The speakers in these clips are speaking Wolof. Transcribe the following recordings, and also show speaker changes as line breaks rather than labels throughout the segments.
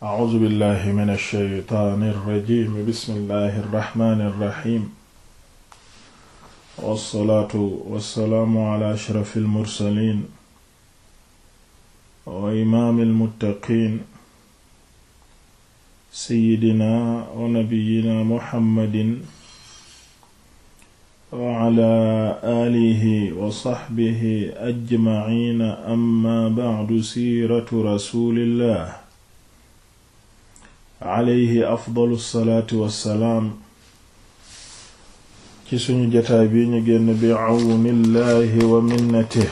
a'uuzu billahi mina shaytaani rajiim bismillahi rahmaani rahiim. wasalaatu wasalaamu ala ashrafil mursaliin. wa imaamil muttaqiin. sayyidina wa nabiyyina muhammadin. wa ala aalihi wa saxbihi ajmaciina amma bacdu siiratu rasuulillah. alayhi afdalu salaatu wassalaam ci suñu jotaay bi ñu génn bi awnillahi wa minnatihi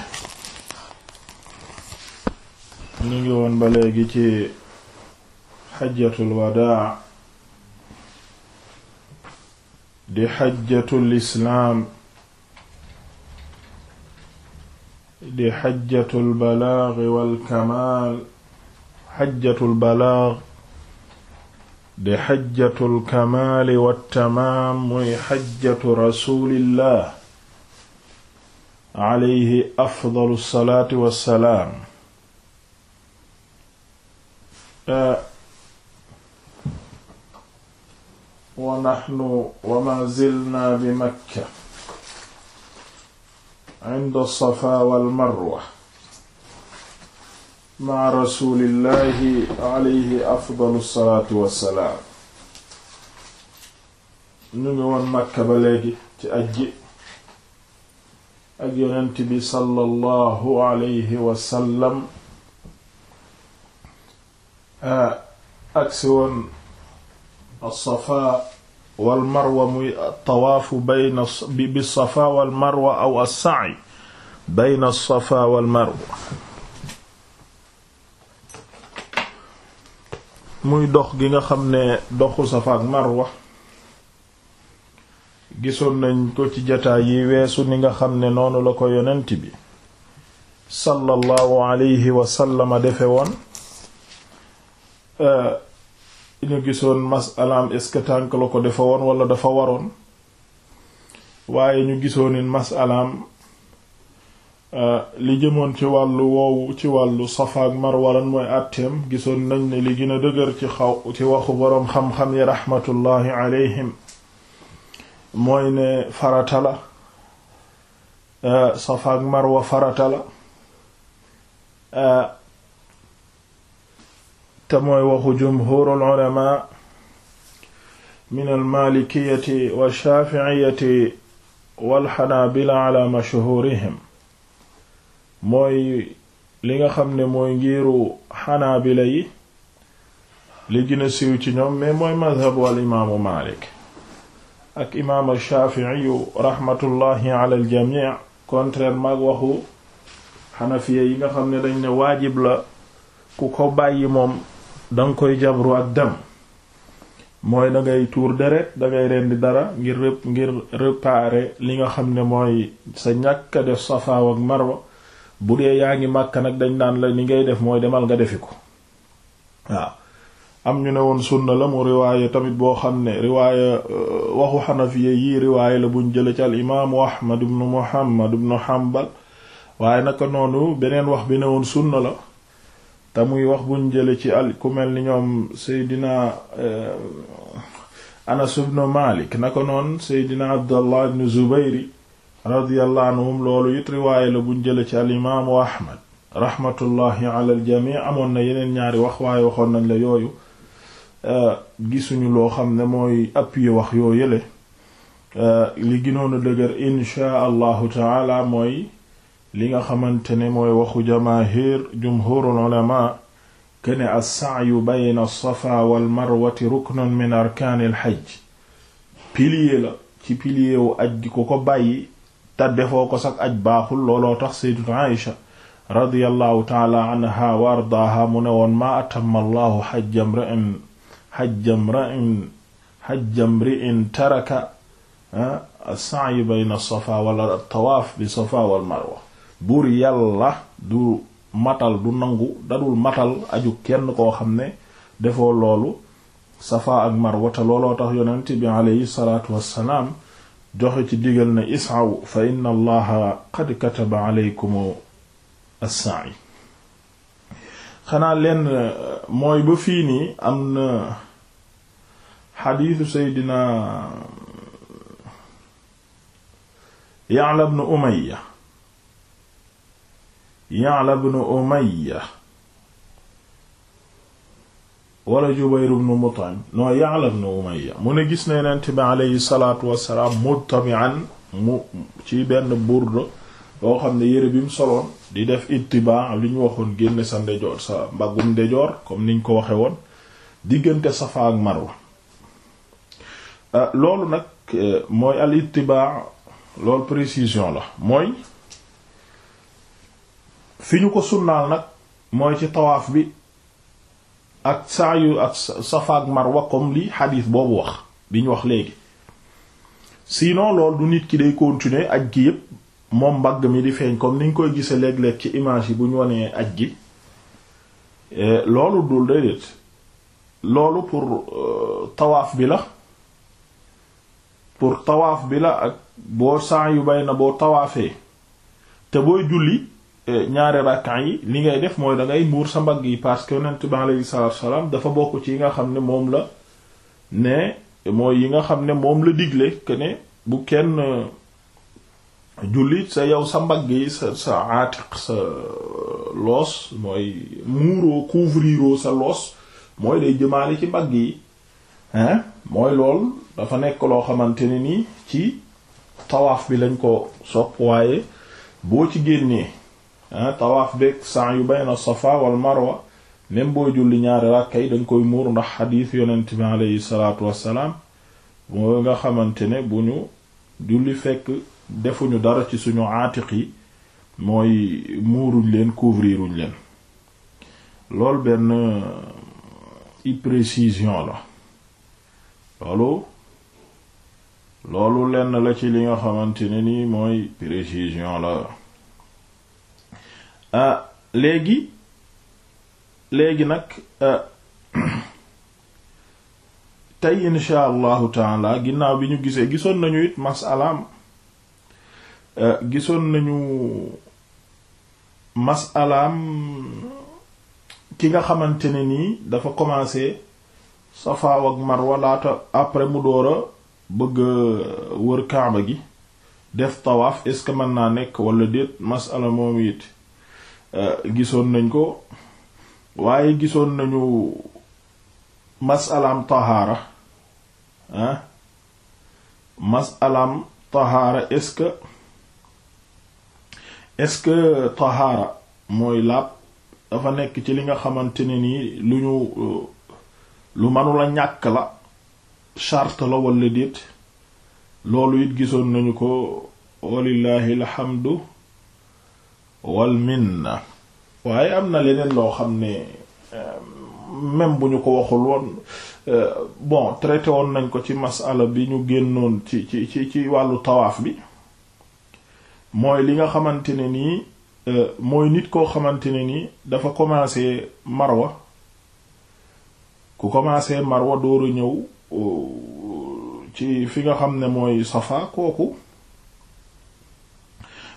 ñu ngi woon ba léegi ci xajjatul wadaa di xajjatul islaam di xajjatul balaag wal kamaal xajjatul balaag di xajjatul kamaali wattamaam muy xajjatu rasulillah alayhi afdalu salaati wassalaam wa naxnu wa ma zilna bi makka inda safaa wal marwa ma rasulillahi alayhi afdalu salaatu wassalaam ñu ngi woon Makka ba léegi ci ajji ak yonent bi sallallahu alayhi wasallam eh, agsi woon alsafa walmarwa muy tawaafu bayna bi safa walmarwa aw as-sa'i bayna as-safa walmarwa muy dox gi nga xam ne doxu sa ak Marwa gisoon nañ ko ci jataay yi weesu ni nga xam ne noonu la ko yonent bi sallallahu alayhi wasallama defe woon euh, ñu gisoon masalaam est-ce tànk la ko defe woon wala dafa waroon waaye ñu gisoonin masalaam Euh, li jëmoon ci wàllu woowu ci wàllu safa ak marwa mooy àtteem gisoon nañ ne li gën a dëgër ci xaw ci waxu xam-xam yi raxmatullaahi alayhim mooy ne farata la euh, safa ak marwa farata la euh, te mooy waxu jumhuurul ulamaa min almalikiyati wa shaafi'iyati wal xanaabila ala mashhuurihim mooy li nga xam ne mooy ngiiru xanaabila yi li gën a siiw ci ñoom mais mooy madhabu al imaamu Maalik ak imaamu Shaafi'i rahmatullahi ala al jamii contrairement ak waxu xanafiya yi nga xam ne dañ ne waajib la ku ko bàyyi moom danga koy jabru ak dem mooy da ngay tuur deret dangay rendi dara ngir ngir réparer li nga xam ne mooy sa ñàkk a def Safaa ak Marwa bu dee yaa ngi Makka nag dañ naan la ni ngay def mooy demal nga defi ko waaw am ñu ne woon sunna la mu riwaaya tamit boo xam ne riwaaya euh, waxu xanafiya yii riwaaya la buñ jële ci al imaamu Ahmad ibnu Muhammad ibnu Hanbal waaye naka noonu beneen wax bi ne woon sunna la te muy wax buñ jële ci al ku mel ni ñoom Seydina euh, Anas ibnu Malik naka noonu Seydina Abdallah ibnu Zubayri radiyallahu anhum loolu it riwaaye la buñ jële ci alimaamu ahmad rahmatullahi ala aljami amoon na yeneen ñaari wax waaye waxoon nañ la yooyu euh, gisuñu loo xam ne mooy appuyer wax yoo yële euh, li ginoon a dëgër inchaa allahu taala mooy li nga xamante ne mooy waxu jamaahir jumhurul ulama kene as-sa'yu bayna as-safa wal marwati ruknun min arkaanil hajj pilier la ci pilier wu aj gi te defoo ko sax aj baaxul looloo tax sayyidatu Aïsha radiyallahu taala anha wa ardaaha mu ne woon maa atamma allahu hajja mri'in hajja mri'in hajja mri'in taraka eh, as-sa'y bayna as-safa wala at-tawaaf bi safa wal marwa buur yàlla du matal du nangu dadul matal aju kenn koo xam ne defoo loolu safa ak marwa te looloo tax yonent bi alayhi salaatu wassalaam joxe ci digal ne isaaw fa inna allaha qad kataba aleykum as-sa'i xanaa leen euh, mooy ba fii nii am na xadiisu seydina Ya'la ibn Umayya Ya'la ibn Umayya wala Jubayr ibn Mut'im noo Ya'la ibn Umayya mu ne gis na Yonent bi aleyhi salaatu salaam muttabi'an mu ci benn burda boo xam ne yére bi mu soloon di def ittibaa li ñu waxoon génne sa ndejoor sa mbaggum ndejoor comme niñ ko waxe woon diggante Safa ak Marwa euh, loolu nag euh, mooy al ittibaa loolu précision la mooy fi ñu ko sunnaal nag mooy ci tawaaf bi ak saa yu ak Safa ak Marwa comme li xadiis boobu wax bi ñu wax léegi sinon loolu du nit ki day continuer aj gi yëpp moom mbagg mi di feeñ comme ni ñu koy gisee léeg-léeg ci image yi bu ñu wanee aj gi eh, loolu dul déedéet loolu pour euh, tawaaf bi la pour tawaaf bi la ak boo saa yu bay na boo tawaafee te booy julli ñaari rakkan yi li ngay def mooy da ngay muur sa mbagg yi parce que yonent bi alayhi salaatu dafa bokk ci yi nga xam ne moom la ne mooy yi nga xam ne moom la digle que ne bu kenn euh, jullit sa yow sa mbagg yi sa sa aatiq euh, loos mooy muuroo couvriroo sa loos mooy day jëmaale ci mbagg yi hein mooy lool dafa nekk loo xamante ne nii ci tawaaf bi lañ ko sopp waaye boo ci génnee Ah, tawaaf beeg yu bayna safa wal marwa même boo julli ñaari rakka yi dañ koy muur ndax xadiis yonent bi aleyhi salaatu wassalaam moo nga xamante ne bu ñu julli fekk defuñu dara ci suñu aatiq yi mooy muuruñ leen couvriruñ leen loolu benn euh, i la loolu loolu lenn la ci li nga xamante ne ni mooy précision la Ah, léegi léegi nag ah, tey insha allahu taala ginnaaw bi ñu gisee gisoon nañu it masalaam ah, gisoon nañu masalaam ki nga xamante ne nii dafa commencé Safa ak Marwa laata après mu door a bëgg wër Kaaba gi def tawaaf est-ce que mën naa nekk wala déet masala moom it Euh, gisoon nañ ko waaye gisoon nañu masalaam tahaara ah masalaam tahaara est-ce que est-ce que tahaara mooy laab dafa nekk ci li nga xamante ne nii lu ñu euh, lu manula ñàkk la charte la walla déet loolu it gisoon nañu ko walillahi alhamdu wal minna waaye am na leneen loo xam ne euh, même bu ñu ko waxul woon euh, bon traité woon nañ ko ci masala bi ñu génnoon ci ci ci ci wàllu tawaaf bi mooy li nga xamante ne nii euh, mooy nit koo xamante ne nii dafa commencé marwa ku commencé marwa dooru ñëw ci fi nga xam ne mooy safa kooku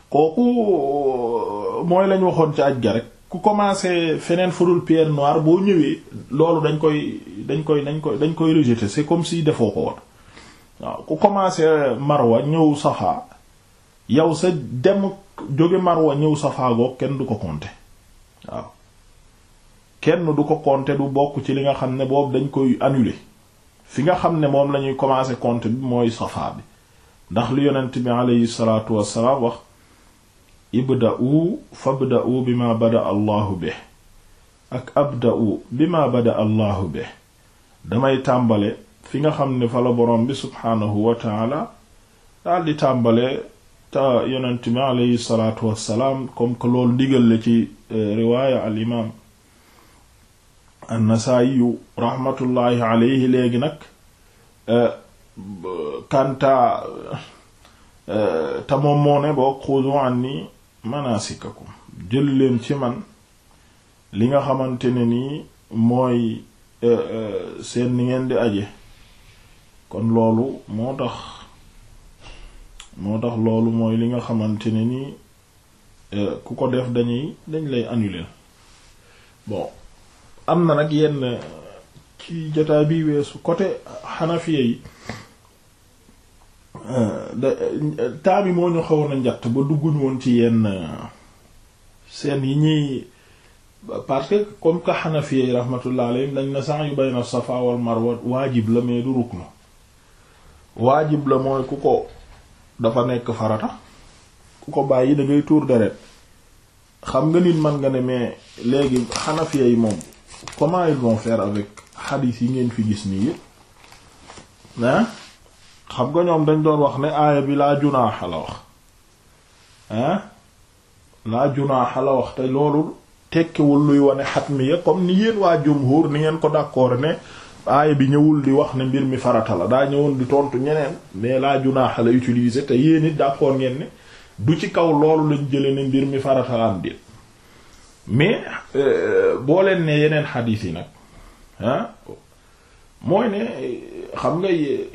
kooku mooy lañ waxoon ci aj ga rek ku commencé feneen furul pierre noire boo ñëwee loolu dañ koy dañ koy dañ koy dañ koy rejeter c'est comme si defoo ko woon waaw ku commencé marwa ñëw safa yow sa dem jóge marwa ñëw safa goog kenn du ko compter waaw kenn du ko compter du bokk ci li nga xam ne boobu dañ koy annuler fi nga xam ne moom la ñuy commencer compter bi mooy safa bi ndax lu yonent bi alayhi salaatu wassalaam wax ibda'u fabda'u bima bada allahu bi ak abda'u bima bada allahu bi damay tàmbale fi nga xam ni fa la boroom bi subhaanahu wa taala daldi tàmbale te yonent mi aleyhi salaatu wassalaam euh, léegi nag euh, kanta euh, te moom moo ne boo manasikakum jël leen ci man li nga xamante ne nii mooy euh, euh, seen ni ngeen di aje kon loolu moo tax moo tax loolu mooy li nga xamante ne nii euh, ku ko def dañuy dañ lay annuler bon am na nag yenn ci jotaay bi weesu côté xanafiya yi Euh, temps bi moo ñu xawoon a njatt ba dugguñu woon ci yenn euh, seen yi ñuy parce que comme que Hanafi yi rahmatullah alayhim dañ na sax yu bayna Safa wal Marwa waajib waajib la mooy ku ko dafa nekk farata ku ko bàyyi da ngay tuur deret xam nga nit man nga ne mais léegi Hanafi yi moom comment ils vont faire avec hadith yi ngeen fi gis nii yëpp xam nga ñoom dañ doon wax ne aaya bi laa junaaxa la wax hein laa junaaxa la wax te loolu tekkiwul luy wane xatmiya comme ni yéen waa jumhur ni ngeen ko d'accord ne aaya bi ñëwul di wax ne mbir mi farata la daa ñëwul di tontu ñeneen mais laa junaaxa la utiliser te yéen it d'accord ngeen ne du ci kaw loolu lañ jële ni mbir mi farata la am mais euh, boo leen ne yeneen xadiis yi nag hein mooy ne xam nga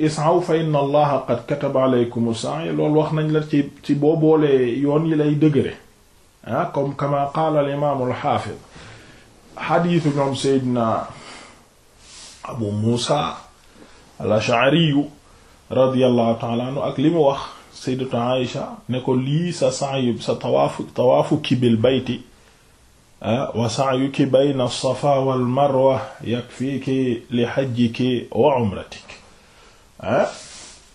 isaaw fa inna allaha qad kataba alaykum sa'i loolu wax nañ la ci ci boo boolee yoon yi lay dëgëre ah comme kama qaala al imaam al xaafid xadiisu ñoom seydina abu muusa al ash'ariyu radiyallahu ta'ala anhu ak li mu wax sayyidatu aisha ne ko lii sa sa'yu sa tawaafu tawaafu kibil bayti wa sa'yuki bayna as-safa wal marwa yakfiki li hajjiki wa umratik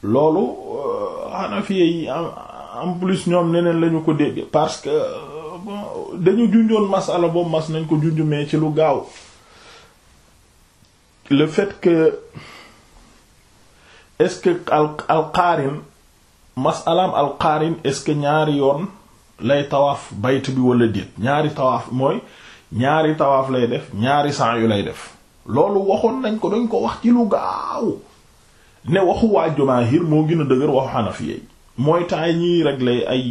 loolu Hanafi yi en plus ñoom neneen lañu ko dégg parce que dañu junjoon masala boobu mas nañ ko junj mais ci lu gaaw le fait que est-ce que al al qaarin masalaam al qaarin est-ce que ñaari yoon lay tawaaf bayt bi wala déet ñaari tawaaf mooy ñaari tawaaf lay def ñaari san yu lay def loolu waxoon nañ ko dañ ko wax ci lu gaaw ne waxu waa jumaahir moo gën a dëgër waxu xanafiya mooy temps ñii régler ay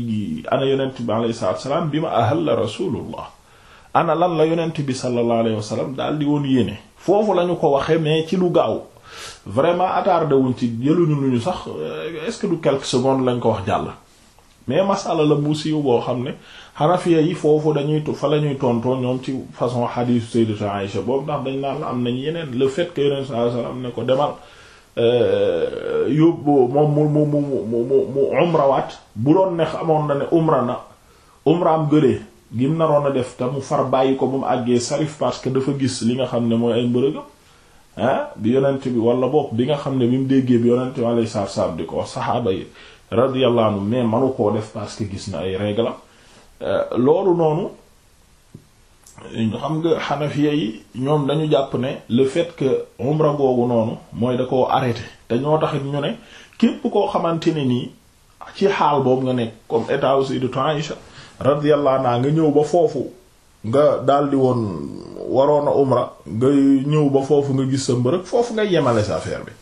ana yonent bi alayhi salaatu salaam bi ma ahal la rasulullah ana lan la yonent bi sallallahu alayhi wasallam daal di woon yéene foofu lañu ko waxe mais ci lu gaaw vraiment attardé wuñ ci jëluñu ñu sax euh, est-ce que du quelques secondes lañ ko wax jàll mais masala la bu siiw boo xam ne xanafiya yi foofu dañuy fa la ñuy tontoo ñoom ci façon xadiisu sayyidatu Aïsha boobu ndax dañ naan am nañ yeneen le fait que yeneen saa ko demal euh, yóbbu moom mu mu mu mu mu mu umrawaat na ne umra na naroon a def te mu bàyyi ko ba mu àggee sarif parce que dafa gis li nga xam ne mooy ay mbërëga ah, bi yonent bi wala bopp bi nga xam ne bi mu déggee bi yonent bi alayhi di ko wax saxaaba yi radiyallahu anhu mais manu koo def parce que gis na ay règle euh, loolu noonu xam nga xanafiya yi ñoom dañu jàpp ne le fait que umra googu noonu mooy da koo arrêté te ñoo taxit ñu ne képp koo xamante ne nii ci xaal boobu nga nekk comme état aussi de temps Aïcha radiyallahu nga ñëw ba foofu nga daldi woon waroon a umra nga ñëw ba foofu nga gis sa mbërëg foofu ngay yemale sa affaire bi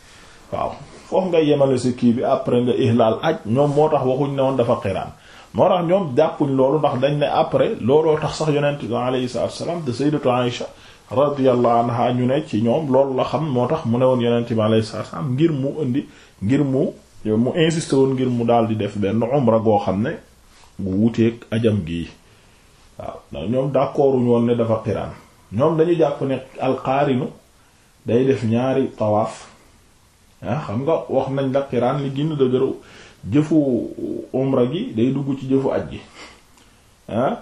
waaw foofu nga yemale si kii bi après nga ihlal aj ñoom moo tax waxuñ ne woon dafa xiraan moo tax ñoom jàppuñ loolu ndax dañ ne après looloo tax sax yonent bi sax salaatu salaam de sayyidatu Aïsha radiyallahu anha ñu ne ci ñoom loolu la xam moo tax mu ne woon yonent bi alayhi salaatu wassalaam ngir mu indi ngir mu mu insisté woon ngir mu daal di def benn umra goo xam ne bu wuteeg ajam gii waaw ndax ñoom d'accorduñ woon ne dafa xiraan ñoom dañu jàpp ne alqaarinu day def ñaari tawaaf ah xam nga wax nañ la xiraan li gën a jëfu umra gi day dugg ci jëfu aj gi ah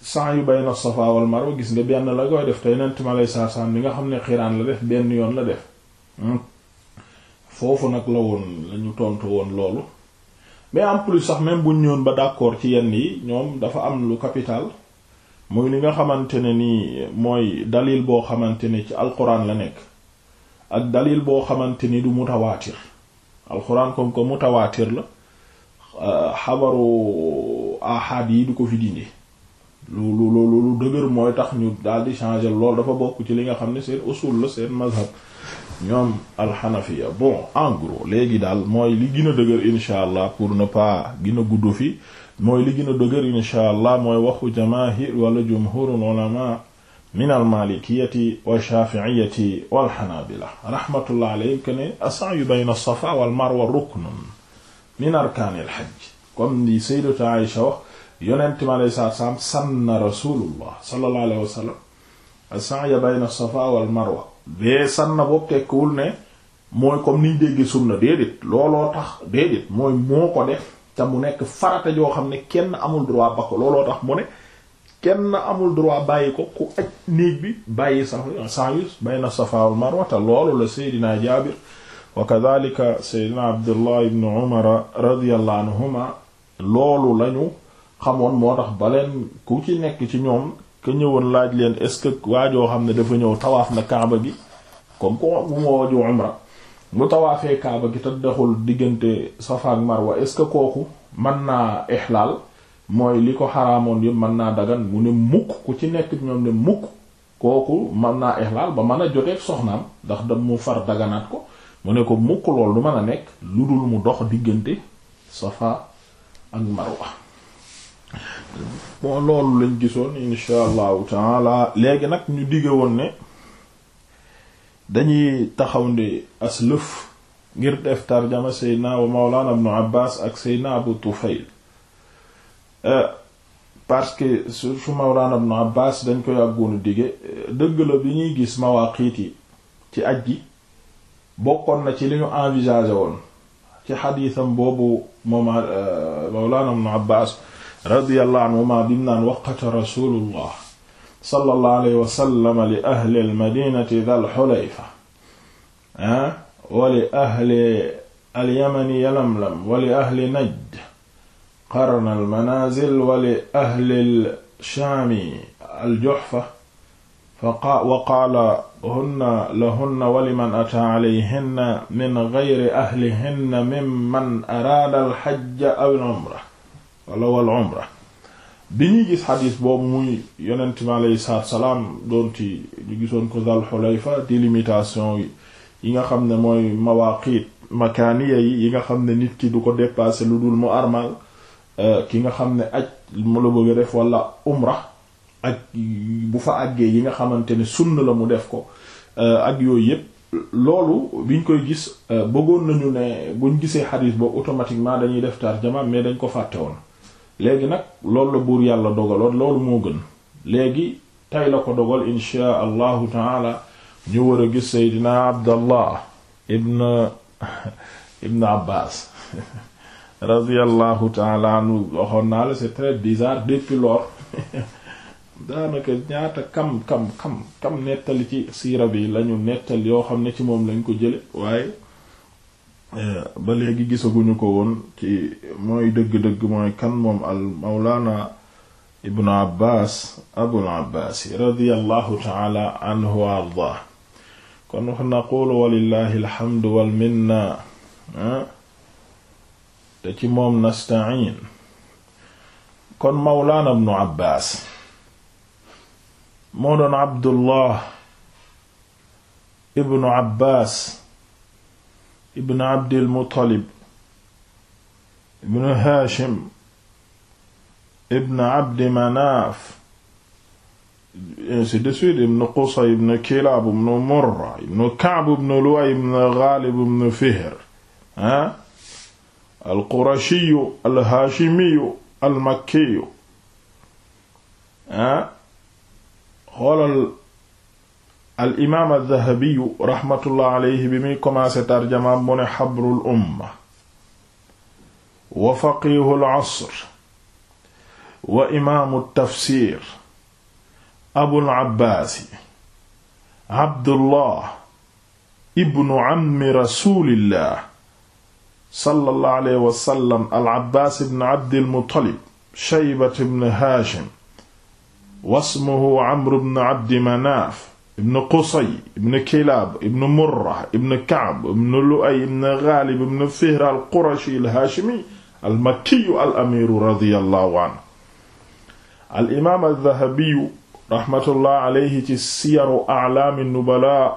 san yu bayna safa wal marwa gis nga benn la koy def tey nent ma lay saasaan bi nga xam ne xiraan la def benn yoon la def hmm. foofu nag la woon lañu tontu woon loolu mais en plus sax même buñ ñëwoon ba d'accord ci yenn yi ñoom dafa am lu capital muy li nga xamante ne nii mooy dalil boo xamante ne ci alquran la nekk ak dalil boo xamante ni du mutawaatir alxuraan comme que mutawaatir la euh, xabaru ahad yi du ko fi dindi lu lu lu dëgër mooy tax ñu daal di changer lool dafa bokk ci li nga xam ne seen usul la seen mazhab ñoom alxanafiya bon en gros léegi daal mooy li gën a dëgër insha allah pour ne pas gën a gudd fi mooy li gën a dëgër insha allah mooy waxu jamaahir wala jumhurul ulama min almalikiyati walshafiiyati walxanabila rahmatullah alayhim que ne as-sa'yu bayna as-safa ruknun min arkaanil hajj comme ni sayyidatu Aïsha wax yonent mi alayhi salaatu sanna rasulullah sallallahu alayhi wa sallam as-sa'yu bayna as-safa bee sanna boobu tekkiwul ne mooy comme niñ dégg sunna déedéet looloo tax déedéet mooy moo ko def te mu nekk farata joo xam ne kenn amul droit ba ko looloo tax mu ne kenn amul droit bàyyi ko ku aj néeg bi bàyyi sa sa'yus a safa wal marwa te loolu la seydina jaabir wa seydina abdullah ibn umar radiyallahu loolu lañu xamoon moo tax baleen ku ci nekk ci ñoom ka ñëwoon laaj leen est-ce que waajoo xam ne dafa ñëw tawaaf na kaaba bi comme ko bu ma waju umra bu tawaafee kaaba gi te dexul diggante safa marwa est-ce que kooku mën naa ihlaal mooy li ko xaraamoon yëpp mën naa dagan mu ne mukk ku ci nekk ñoom ne mukk kooku mën naa ixlaal ba man a jotee soxnaam ndax da mu far daganaat ko mu ne ko mukk lool du man a nekk lu dul mu dox diggante safa ak marwa bon loolu lañ gisoon insha allahu taala léegi nag ñu digge woon ne dañuy taxaw ndi aslëf ngir def tarjama seydna wa mawlana ibnu abbas ak seydna abu tufayl Euh, parce que su Mawlana Ibn Abbas dañ ko yàggoonu dige euh, dëgg la bi ñuy gis mawaaqiit yi ci aj gi na ci li ñu envisagé woon ci xadiisam boobu mooma euh, Mawlana Ibn Abbas radiyallahu anhuma bi mu naan waqata rasulullah sallallahu alayhi wa sallam li ahli al-madinati dhal ah, wa li ahli al-yamani yalamlam wa li ahli najd qarna almanazil wa li ahli lchaami aljoxfa wa qaala hunna lahunna wa liman ataa calayhinna min gayri ahlihinna mimman araada alxajja aw alcumra wala wal cumra bi ñuy gis xadiis boobu muy yonent mi aleyhi salaam doon ci ñu gisoon ko dal xulayfa délimitation yi nga xam ne mooy mawaaqiit makaaniya yi yi nga xam ne nit ki du ko dépasser lu dul mu armal Euh, ki nga xam ne aj mu la bëgg a def wala umra ak bu fa àggee yi nga xamante ne sunna la mu def ko euh, ak yooyu yépp loolu biñ koy gis euh, bëggoon nañu ne bu ñu gisee xadiis boobu automatiquement dañuy def tarjama mais dañ ko fàtte woon léegi nag loolu la buur yàlla dogaloon loolu moo gën léegi tey la ko dogal inshaa allahu taala ñu war a gis seydina abdallah ibn ibn abbas radiyallahu taala anhu waxoon naa la c'est très bizarre depuis lors daanaka ñaata kam kam kam kam nettali ci siira bi lañu nettal yoo xam ne ci moom lañ ko jële waaye eh, ba léegi gisaguñu ko woon ci mooy dëgg-dëgg mooy kan moom al mawlaana ibnu abbas abul abbaasi radiyallahu taala anhu wa ardah kon te ci moom nastain kon mawlaana bnu abbaas moo doon abdullah ibnu abbaas ibnu abdil muttalib ibnu haashim ibnu abdi manaaf ainsi de suite ibnu qusay ibnu kilaab ibnu murra ibnu ka'b ibnu luway ibnu gaalib ibnu fihr ah alqurashiyu alhaashimiyu almakkiyu ah xoolal alimaam aldahabiyu raxmatullah aleyhi bi muy commencé tarjamaam mu ne xabrul umma wa faqihu alasr wa imaamu tafsir abul abbaasi abdullah ibnu ammi rasulillah sallallahu alayhi wa sallam al abbaas ibn abdil muttalib shaybat ibn haashim wasmuhu amr ibn abdi manaaf ibn qusay ibn kilaab ibn murra ibn kaab ibn lu'ay ibn ghalib ibn fihr al qurashi al haashimi al makkiyu al amiru radiyallahu anhu al imaam al dhahabiyu raxmatullah alayhi ci siyaru a'laami nubala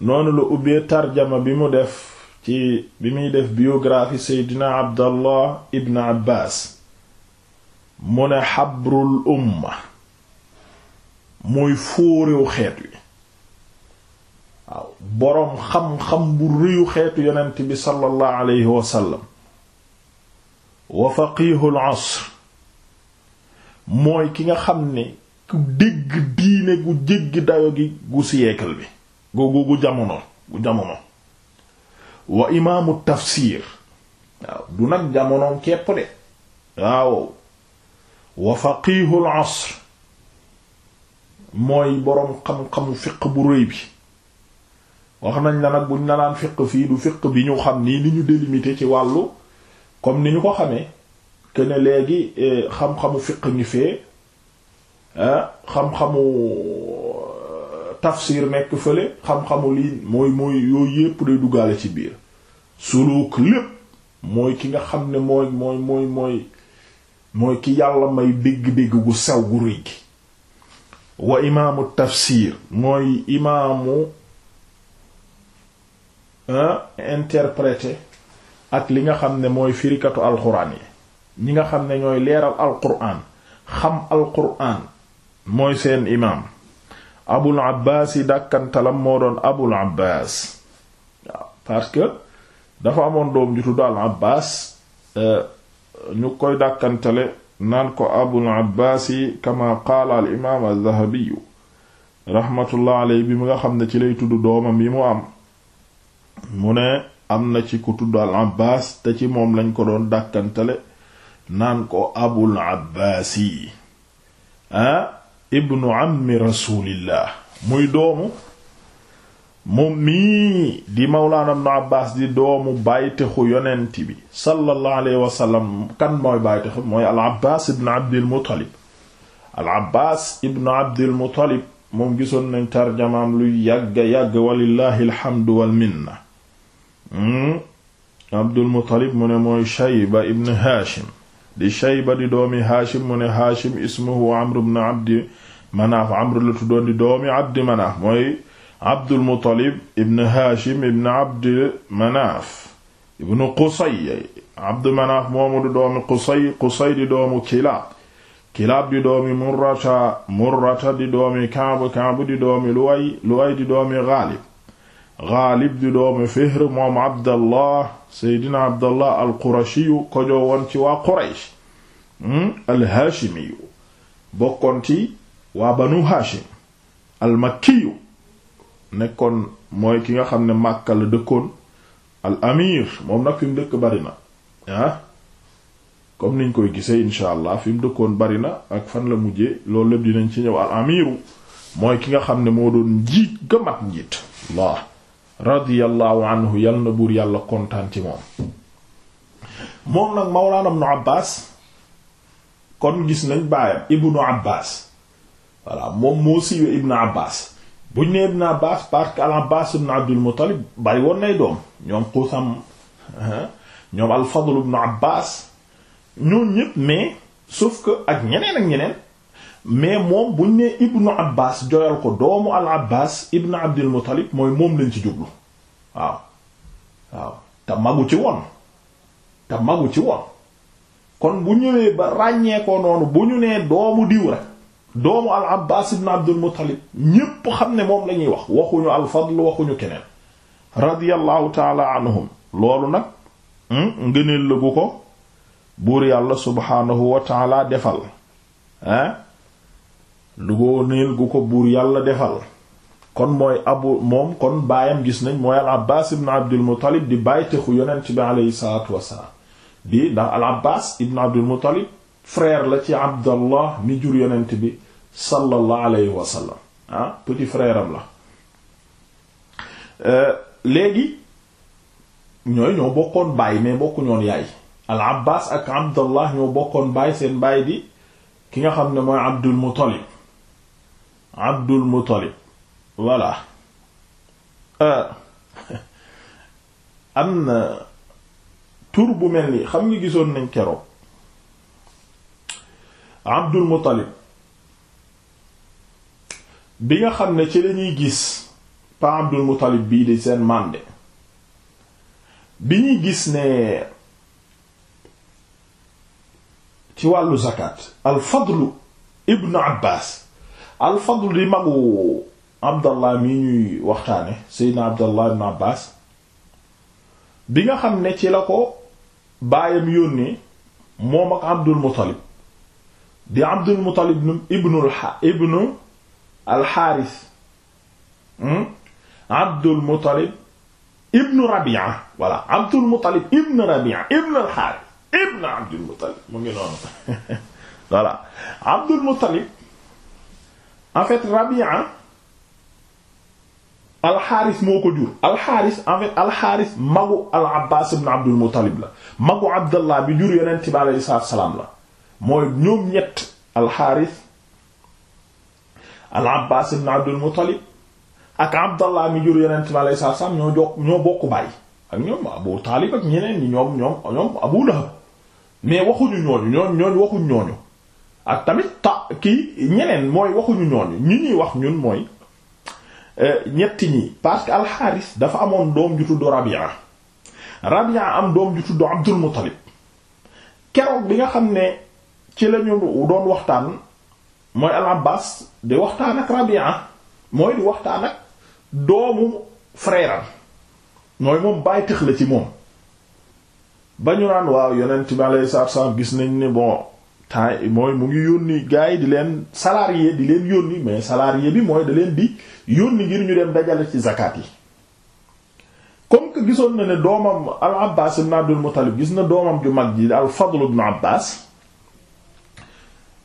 noonu la ubbee tarjama bi mu def ci bi muy def biographie seydina abdallah ibn abbas mu ne xabrul umma muy fóorew xeet wi waaw boroom xam-xam bu rëyu xeetu yonent bi sallallahu alayhi wasallam wa faqihul asr mooy ki nga xam ni ku dégg diine gu jéggi dayo gi gu siècle bi gu gu gu jamono gu jamono wa imaamu tafsir waaw du nag jamonoom képp de waaw wa faqihul asr mooy boroom xam-xamu fiq bu rëy bi wax nañ la nag bu la naan fiq fii du fiq bi ñu xam nii ni ñu délimité ci wàllu comme ni ñu ko xamee que léegi eh, xam-xamu fiq ngi fee ah, xam-xamu tafsir nekk fële xam-xamu lii mooy mooy yooyu yépp day duggaale ci biir suluuk lépp mooy ki nga xam ne mooy mooy mooy mooy ki yàlla may dégg-dégg gu sew gu rëy gi wa imaamu tafsir mooy imaamu ah, interpréter ak li nga xam ne mooy firikatu alxuraan yi ñi nga xam ne ñooy leeral alxuraan xam alxuraan mooy seen imaam abul abbaas yi dàkkantalam moo doon abul abbaas parce que dafa amoon doom ju tudd al abbaas euh, ñu koy dàkkantale naan ko abul abbaasi kama qaala al imaam az-zahabi rahmatullah aley bi mi nga xam ne ci lay tudd doomam yi mu am mu ne am na ci ku tudd al abbaas te ci moom lañ ko doon dàkkantale naan ko abu abul abbaasi ah ibnu ammi rasulillah muy doomu moom mii di mawlaana ibnu abbaas di doomu bàytexu yonent bi sallallahu alayhi wa sallam kan mooy bàytexu mooy al abbaas ibn abdil muttalib al abbaas gisoon nañ tarjamaam lu yàgga yàgg walillahi alhamdu wal minna hmm? abdul mu ne mooy shayba ibn haashim di shayba di doomi haashim mu ne haashim ismuhu amr ibn abdi manaaf amr la tuddoon di doomi abdi manaaf mooy Abdul Muttalib ibn Haashim ibn Abdi Manaaf ibn Qusay Abdi Manaaf moomu di doomi Qusay Qusay di doomu Kilaab Kilaab di doomi Murrata Murrata di doomi Kaab Kaab di doomi Luway Luway di doomi Gaalib Gaalib di doomi Fihr moom Abdallah Seydina Abdallah al-Qurashiyu ko joowoon ci waa Quraysh hmm? al-Haashimiyu bokkoon ci waa Banu Haashim al-Makkiyu nekkoon mooy ki nga xam ne Makka la dëkkoon al amir moom nag fi mu dëkk bari na ah comme niñ koy gisee incha allah fi mu dëkkoon bari na ak fan la mujjee loolu lépp dinañ ci ñëw al amiru mooy ki nga xam ne moo doon njiit ga mat njiit Allah radiyallahu anhu yal na buur yàlla kontaan ci moom moom nag mawlaana ibnu abbas kon gis nañ baayam ibnu abbas voilà moom moo siiwee ibnu abbas buñ ne Ibn Abbas parce que al Abbas ibn Abdul Muttalib bari woon nay doom ñoom Qusam ñoom al Fadl ibn Abbas ñëpp mais sauf que ak ñeneen ak ñeneen mais moom buñ ne Ibn Abbas joyal ko doomu al Abbas ibn Abdul Muttalib mooy moom lañ ci jublu waaw waaw te magu ci woon te magu ci woon kon bu ñëwee ba ràññee noonu bu ñu nee doomu diw rek doomu al abbas ibn abdul muttalib ñépp xam ne moom la ñuy wax waxuñu al fadl waxuñu keneen radiyallahu taala anhum loolu nag hmm, ngëneel la gu ko buur yàlla subhaanahu wa taala defal ah lu ko gu ko buur yàlla defal kon mooy abu moom kon baayam gis nañ mooy al abbas ibn abdul muttalib di bàyyi texu yonent bi aleyhi al abbas ibn abdul muttalib frère la ci abdallah mi jur yonent bi sallallahu alayhi wa sallam ah petit frère la euh, léegi ñooy ñoo bokkoon baay mais bokkuñoon yaay al abbas ak abdallah ñoo bokkoon baay seen baay di ki nga xam ne mooy abdul muttalib abdul muttalib voilà euh, am na tur bu mel ni xam nga gisoon nañ keroog Abdul bi nga xam ne ci lañuy gis pa Abdul Muttalib bii di seen mànde bi ñuy gis ne ci wàllu zakat al-Fadl ibn Abbas al-Fadl di magu Abdallah mi ñuy waxtaane Seydina Abdallah ibn Abbas bi nga xam ne ci la ko baayam yónnee moom ak Abdul Muttalib di Abdul Muttalib ibnu ibnu alxaaris hmm? Abdul Muttalib ibnu Rabia voilà Abdul Muttalib ibnu Rabia ibnu alxaaris ibnu Abdul Muttalib mu ngi noonu voilà Abdul Muttalib en fait Rabia alxaaris moo ko jur alxaaris en fait alxaaris magu al Abbaas ibnu Abdul Muttalib la magu Abdallah bi jur Yonent bi alayhi salaatu wa salaam la mooy ñoom ñett alxaaris al abbaas ibn abdul muttalib ak abdallah mi jur yonent mi alayhi salaam ñoo jokk ñoo bokk bàyyi ak ñoom abu taalib ak ñeneen ñi ñoom ñoom ñoom abu lahab mais waxuñu ñooñu ñooñu ñooñu waxuñu ñooñu ak tamit ta kii ñeneen mooy waxuñu ñooñu ñi ñuy wax ñun mooy euh, ñetti ñi parce que alxaaris dafa amoon doom ju tudd rabia rabia am doom ju tudd abdul muttalib keroog bi nga xam ne ci lañu doon waxtaan mooy al abbas di waxtaan ak Rabi'a mooy di waxtaan ak doomu frère mooy moom bàyyi tëx la ci moom ba ñu naan waaw yonent bi alayhi salaatu gis nañ ni bon temps mooy mu ngi yónni gars yi di leen salarié di leen yónni mais salarié bi mooy da di yónni ngir ñu dem dajale ci zakat yi comme que gisoon na ne doomam al abbas ibn abdul muttalib gis na doomam ju mag ji al fadl ibn abbas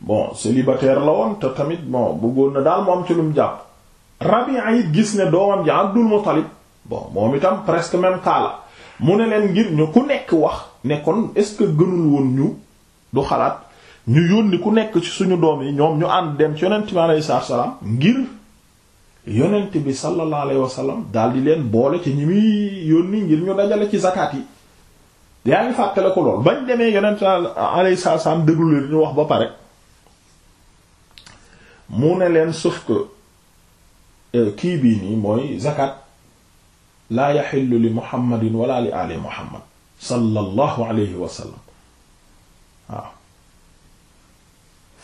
bon célibataire la woon te tamit bon bëggoon na daal moom ci lu mu jàpp Rabi'a it gis ne doomam ji Abdul Muttalib bon moom itam presque même cas mu ne leen ngir ñu ku nekk wax ne kon est-ce que gënul woon ñu du xalaat ñu yónni ku nekk ci suñu doom yi ñoom ñu ànd dem ci yonent bi alayhi salaam ngir yonent bi sallallahu alayhi wa sallam daal di leen boole ci ñi muy yónni ngir ñu dajale ci zakat yi yaa ngi fàttale ko lool bañ demee yonent bi alayhi ñu wax ba pare mu ne leen sauf que euh, kii bii nii mooy zakat laa yaxillu li muhammadin wala li ali muhammad sallallahu alayhi wa sallam waaw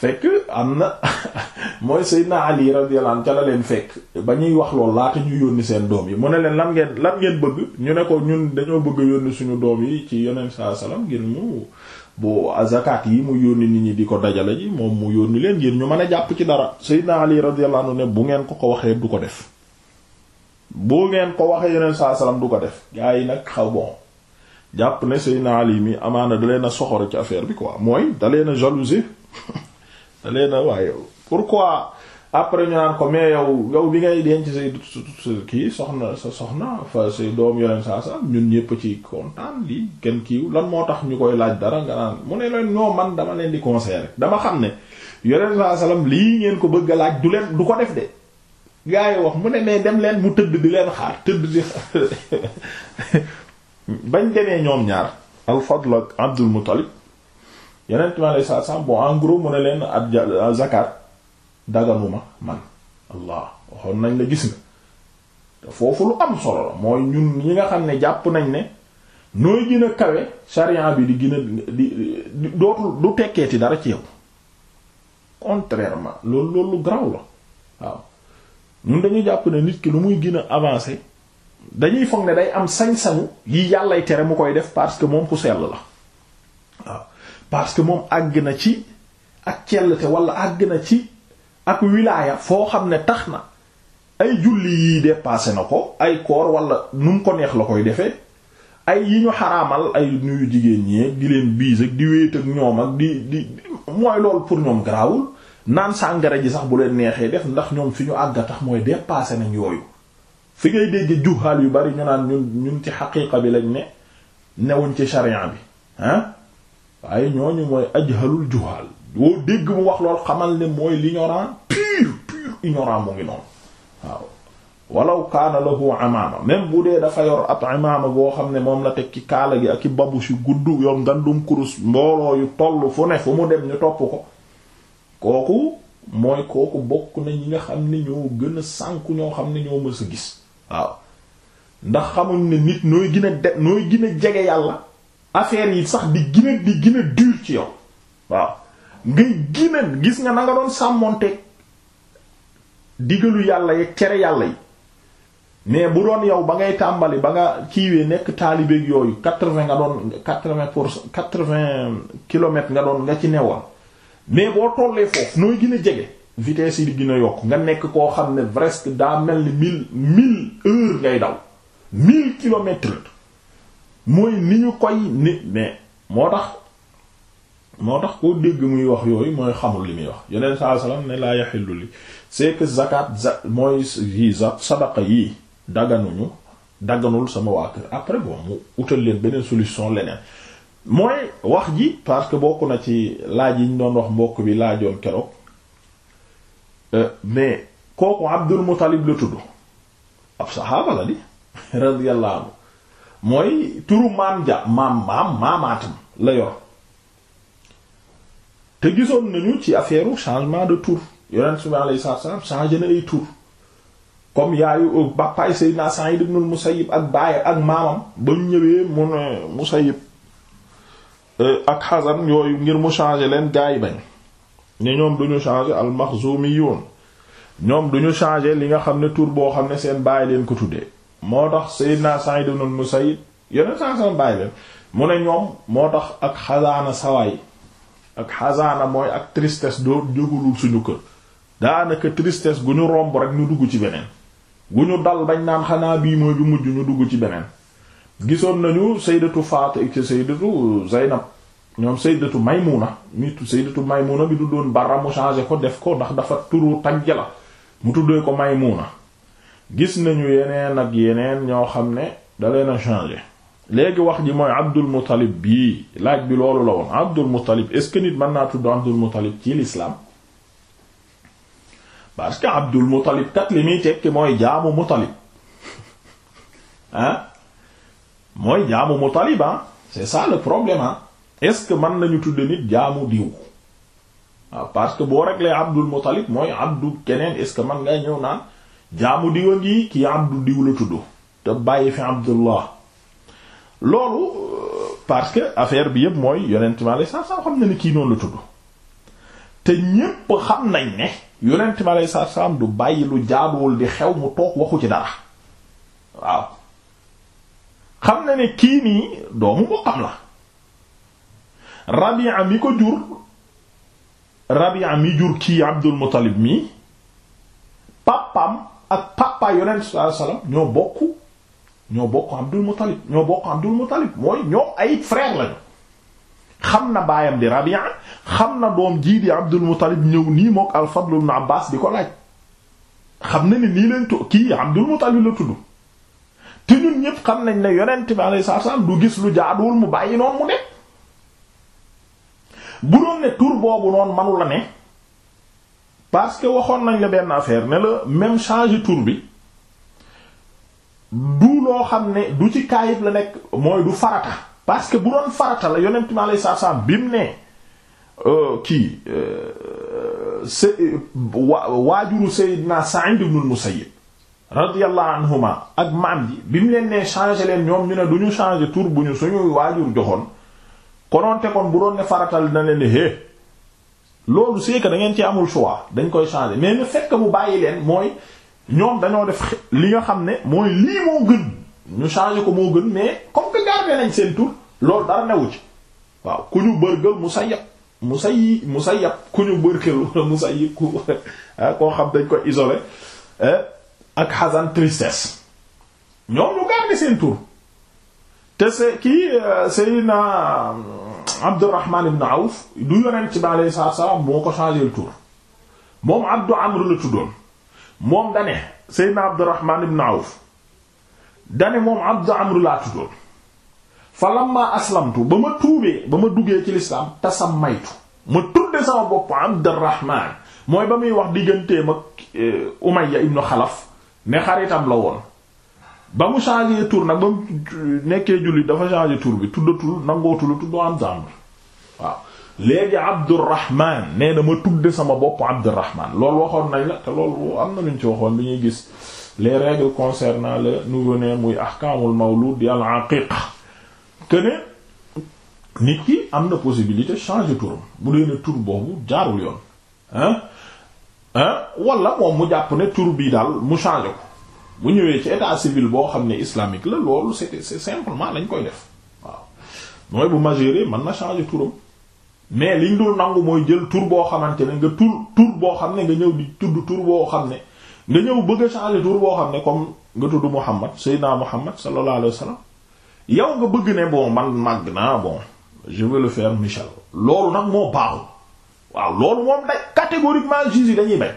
fekk am na mooy Seydina Ali radiyallahu anhu ca la leen fekk ba ñuy wax loolu laata ñu yónni seen doom yi mu ne leen lan ngeen lan ngeen bëgg ñu ne ko ñun dañoo bëgg yónni suñu doom yi ci yonent sallallahu alayhi wa ngir mu bo zakat yi mu yónni nit ñi di ko dajale ji moom mu yónni leen ngir ñu mën a jàpp ci dara Seydina Ali radiyallahu anhu ne bu ngeen ko ko waxee du ko def boo ngeen ko waxee yeneen saa salaam du ko def gaa yi nag xaw bon jàpp ne Seydina Ali mi amaana da leen a soxor ci affaire bi quoi mooy da leen a jalouser da leen a waaye après ñu naan ko mais yow yow bi ngay denc say kii soxna sa soxna fa doom yoneen saa sa ñun ñëpp ci kontaan lii kenn kiiw lan moo tax ñu koy laaj dara nga naan mu ne leen ñoo man dama leen di conseiller rek dama xam ne yoneen saa lii ngeen ko bëgg a du leen du ko def de gaa wax mu ne mais dem leen mu tëdd di leen xaar tëdd di bañ demee ñoom ñaar al-Fadl ak Abdul Muttalib yeneen mi alei sat bon en gros mu ne leen ak zakat daganuma man allah waxoon nañ la gis nga te foofu lu am solo la mooy ñun ñi nga xam ne jàpp nañ ne nooy gën a kawe charian bi di gina a di dootul du tekkeeti dara ci yow contrairement loolu loolu lu garaaw la waaw ñun dañu jàpp ne nit ki lu muy gën a avancer dañuy foog ne day am sañ-sañu yi yàllay tere mu koy def parce que moom ku sell la parce que moom àgg na ci ak cellte wala àgg na ci ak wilaaya foo xam ne tax na ay julli yii dépassé na ko ay koor wala nu mu ko neex la koy defee ay yi ñu xaraamal ay nuyu jigéen ñee di leen biis ak di wéet ak ñoom ak di mooy lool pour ñoom garaawul naan sàngara ji sax bu leen neexee def ndax ñoom fi ñu àgga tax mooy dépassé nañ yooyu fi ngay dégg juhaal yu bari ñu naan ñun ci xaqiiqa bi lañ ne newuñ ci sharia bi ah waaye ñooñu mooy ajhalul juhaal doo dégg mu wax lool xamal ne mooy l'ignorant pur pur ignorant mu ngi noonu waaw walaw kaana lahu amaama même bu dee dafa yor ab imaama boo xam ne moom la teg ci kaala gi ak i babus yu gudd yor ngandum kurus mbooloo yu toll fu ne fu mu dem ñu topp ko kooku mooy kooku bokk na ñi nga xam ne ñoo gën a sànku ñoo xam ne ñoo mës a gis waaw ndax xamuñ ne nit nooy gën a de nooy gën jege yàlla affaire yi sax di gën di gën a ci yow waaw ngay gineen gis nga na nga doon sàmmonte digalu yàlla yi tere yàlla yi mais bu doon yow ba ngay tàmbali ba nga kiiwee nekk taalibeeg yooyu quatre-vingts nga doon quatre pour cent quatre kilomètres nga doon nga ci newoon mais boo tollee foofu nooy gën a jege vitesse yi di gën yokk nga nekk koo xam ne presque daa mel ni mille mille heures ngay daw mille kilomètres mooy ni ñu koy ni mais moo tax moo tax koo dégg muy wax yooyu mooy xamul li muy wax yeneen saa salaam ne laa yaxillu li c'est que zakat za mooy yi za sadaqa yi dagganuñu dagganul sama waa kër après bon mu utal leen beneen solution leneen mooy wax ji parce que bokk na ci laaj yi ñu doon wax mbokk bi laajoon keroog euh, mais kooku Abdul Muttalib la tudd ab saxaaba la di radiyallahu mooy turu maam ja maam maam maamaatam la yor te gisoon nañu ci affaire changement de tour yonent bi alayhi salaatu wa salaam changé na ay tour comme yaayu euh, bàppaay Seydina Sa'id ibn Musayyib ak baay ak maamam ba ñu ñëwee mu ne Musayyib euh, ak Hazan yooyu ngir mu changé leen gaa bañ ne ñoom duñu changé al-Makhzumiyun ñoom duñu changé li nga xam ne tour boo xam ne seen baay leen ko tuddee moo tax Seydina Sa'id ibn Musayyib yonent saa saa baay leen mu ne ñoom moo tax ak Hazana saway ak xasaana mooy ak tristesse doo jógulul suñu kër daanaka tristesse gu ñu romb rek ñu dugg ci beneen gu ñu dal dañ naan xanaa bii mooy bu mujj ñu dugg ci beneen gisoon nañu sayyidatu faatu ak sayyidatu Zaynab ñoom sayyidatu Maymuna mi sayyidatu Maymuna bi du doon barra mu changé ko def ko ndax dafa turu tàjj la mu tuddee ko Maymuna gis nañu yeneen ak yeneen ñoo xam ne da leen léegi wax ji mooy Abdul Muttalib bii laaj bi loolu la woon Abdul Muttalib est nit mën naa tudd Abdul Muttalib ci lislaam parce que Abdul Muttalib kat li muy tekki mooy jaamu Muttalib ah mooy jaamu Muttalib ah c'est ça le problème ah est-ce que mën nañu tudd nit jaamu diw waaw parce que boo lee Abdul Muttalib mooy Abdu keneen est-ce que mën nga ñëw naan jaamu diwa ngi kii Abdu diw la tudd te bàyyi fi Abdullah loolu parce que affaire bi yëpp mooy yonent ma lay saa saa xam na ni kii noonu la tudd te ñépp xam nañ ne yonent ma lay saa du bàyyi lu jaaduwul di xew mu toog waxu ci dara waaw xam na ni kii nii doomu mbokkam la Rabi'a mi ko jur Rabi'a mi jur kii Abdul Muttalib mi papam ak papa yonent sallallahu ñoo bokk ñoo bokk Abdul Muttalib ñoo bokk Abdul Muttalib mooy ñoo ay frère lañu xam na baayam di Rabia xam na doom jii di Abdul Muttalib ñëw nii mook al-Fadl ibn Abbas di ko laaj xam na ni nii leen tu kii Abdul Muttalib la tudd te ñun ñëpp xam nañ ne yonent bi alayhi salaam du gis lu jaaduwul mu bàyyi noonu mu dem bu doon ne tur boobu noonu manu la ne parce que waxoon nañ la benn affaire ne la même changer tur bi du loo xam ne du ci kaayib la nekk mooy du farata parce que bu doon farata la yonent mi alayhi salaatu bi mu ne euh, kii euh, waajuru Seydina Sa'id ibn al-Musayyib radiyallahu anhuma ak maam ji bi mu leen nee changé leen ñoom ñu ne du ñu changé tour bu ñu suñuy waajur joxoon konoonte kon bu doon ne faratal na leen ne loolu c'est que ngeen ci amul choix dañ koy changé mais le fekk que bàyyi leen mooy ñoom dañoo def li nga xam ne mooy lii moo gën ñu changé ko moo gën mais comme que gardé nañ seen tur loolu dara newu ci waaw ku ñu bërgël musayyab musayyi musayyab ku ñu bërgël wala musayyi ku ah, koo xam dañ ko isolé eh, ak xasan tristesse ñoom ñu gardé seen tur te se kii euh, Seydina euh, Abdurrahman ibn Awf du yonent ci bi aleyhi salaatu wa moo ko changé tur moom Abdu Amr la tuddoon moom dane seydna abdurrahman ibn awf dane moom abdu amr laa tuddoon fa lamma aslamtu ba ma tuubee ba ma duggee ci lislaam tasam maytu ma tudde sama bopp abdurrahman mooy ba muy wax digganteem ak eh, umayya ibnu xalaf ne xaritam la woon ba mu changé tur nag ba mu eh, nekkee jullit dafa changé tur bi tuddatul nangootul tuddoo abdu amr waaw léegi Abdurrahman nee na ma tudde sama bopp Abdurrahman loolu waxoon nañ la te loolu am na lu ñu ci waxoon lu ñuy gis le règles concernant le nouveau-né muy ahkaamul mawlud di al aqiqa que ne nit ki am na possibilité change turam bu dee ne tur boobu jaarul yoon ah ah wala moom mu jàpp ne tour bii daal mu changer ko bu ñëwee ci état civil boo xam ne islamique la loolu c'est c'est simplement lañ koy def waaw mooy bu majeur man na changer turam. mais liñ dul nangu mooy jël tour boo xamante ne nga tur tur boo xam ne nga ñëw di tudd tur boo xam ne nga ñëw bëgg a changer tur boo xam ne comme nga tudd Muhammad Seydina Muhammad sallallahu alayhi wa sallam yow nga bëgg ne bon man màgg naa bon je vais le faire Michel loolu nag moo baaxul waaw loolu moom day catégoriquement juge yi dañuy bañ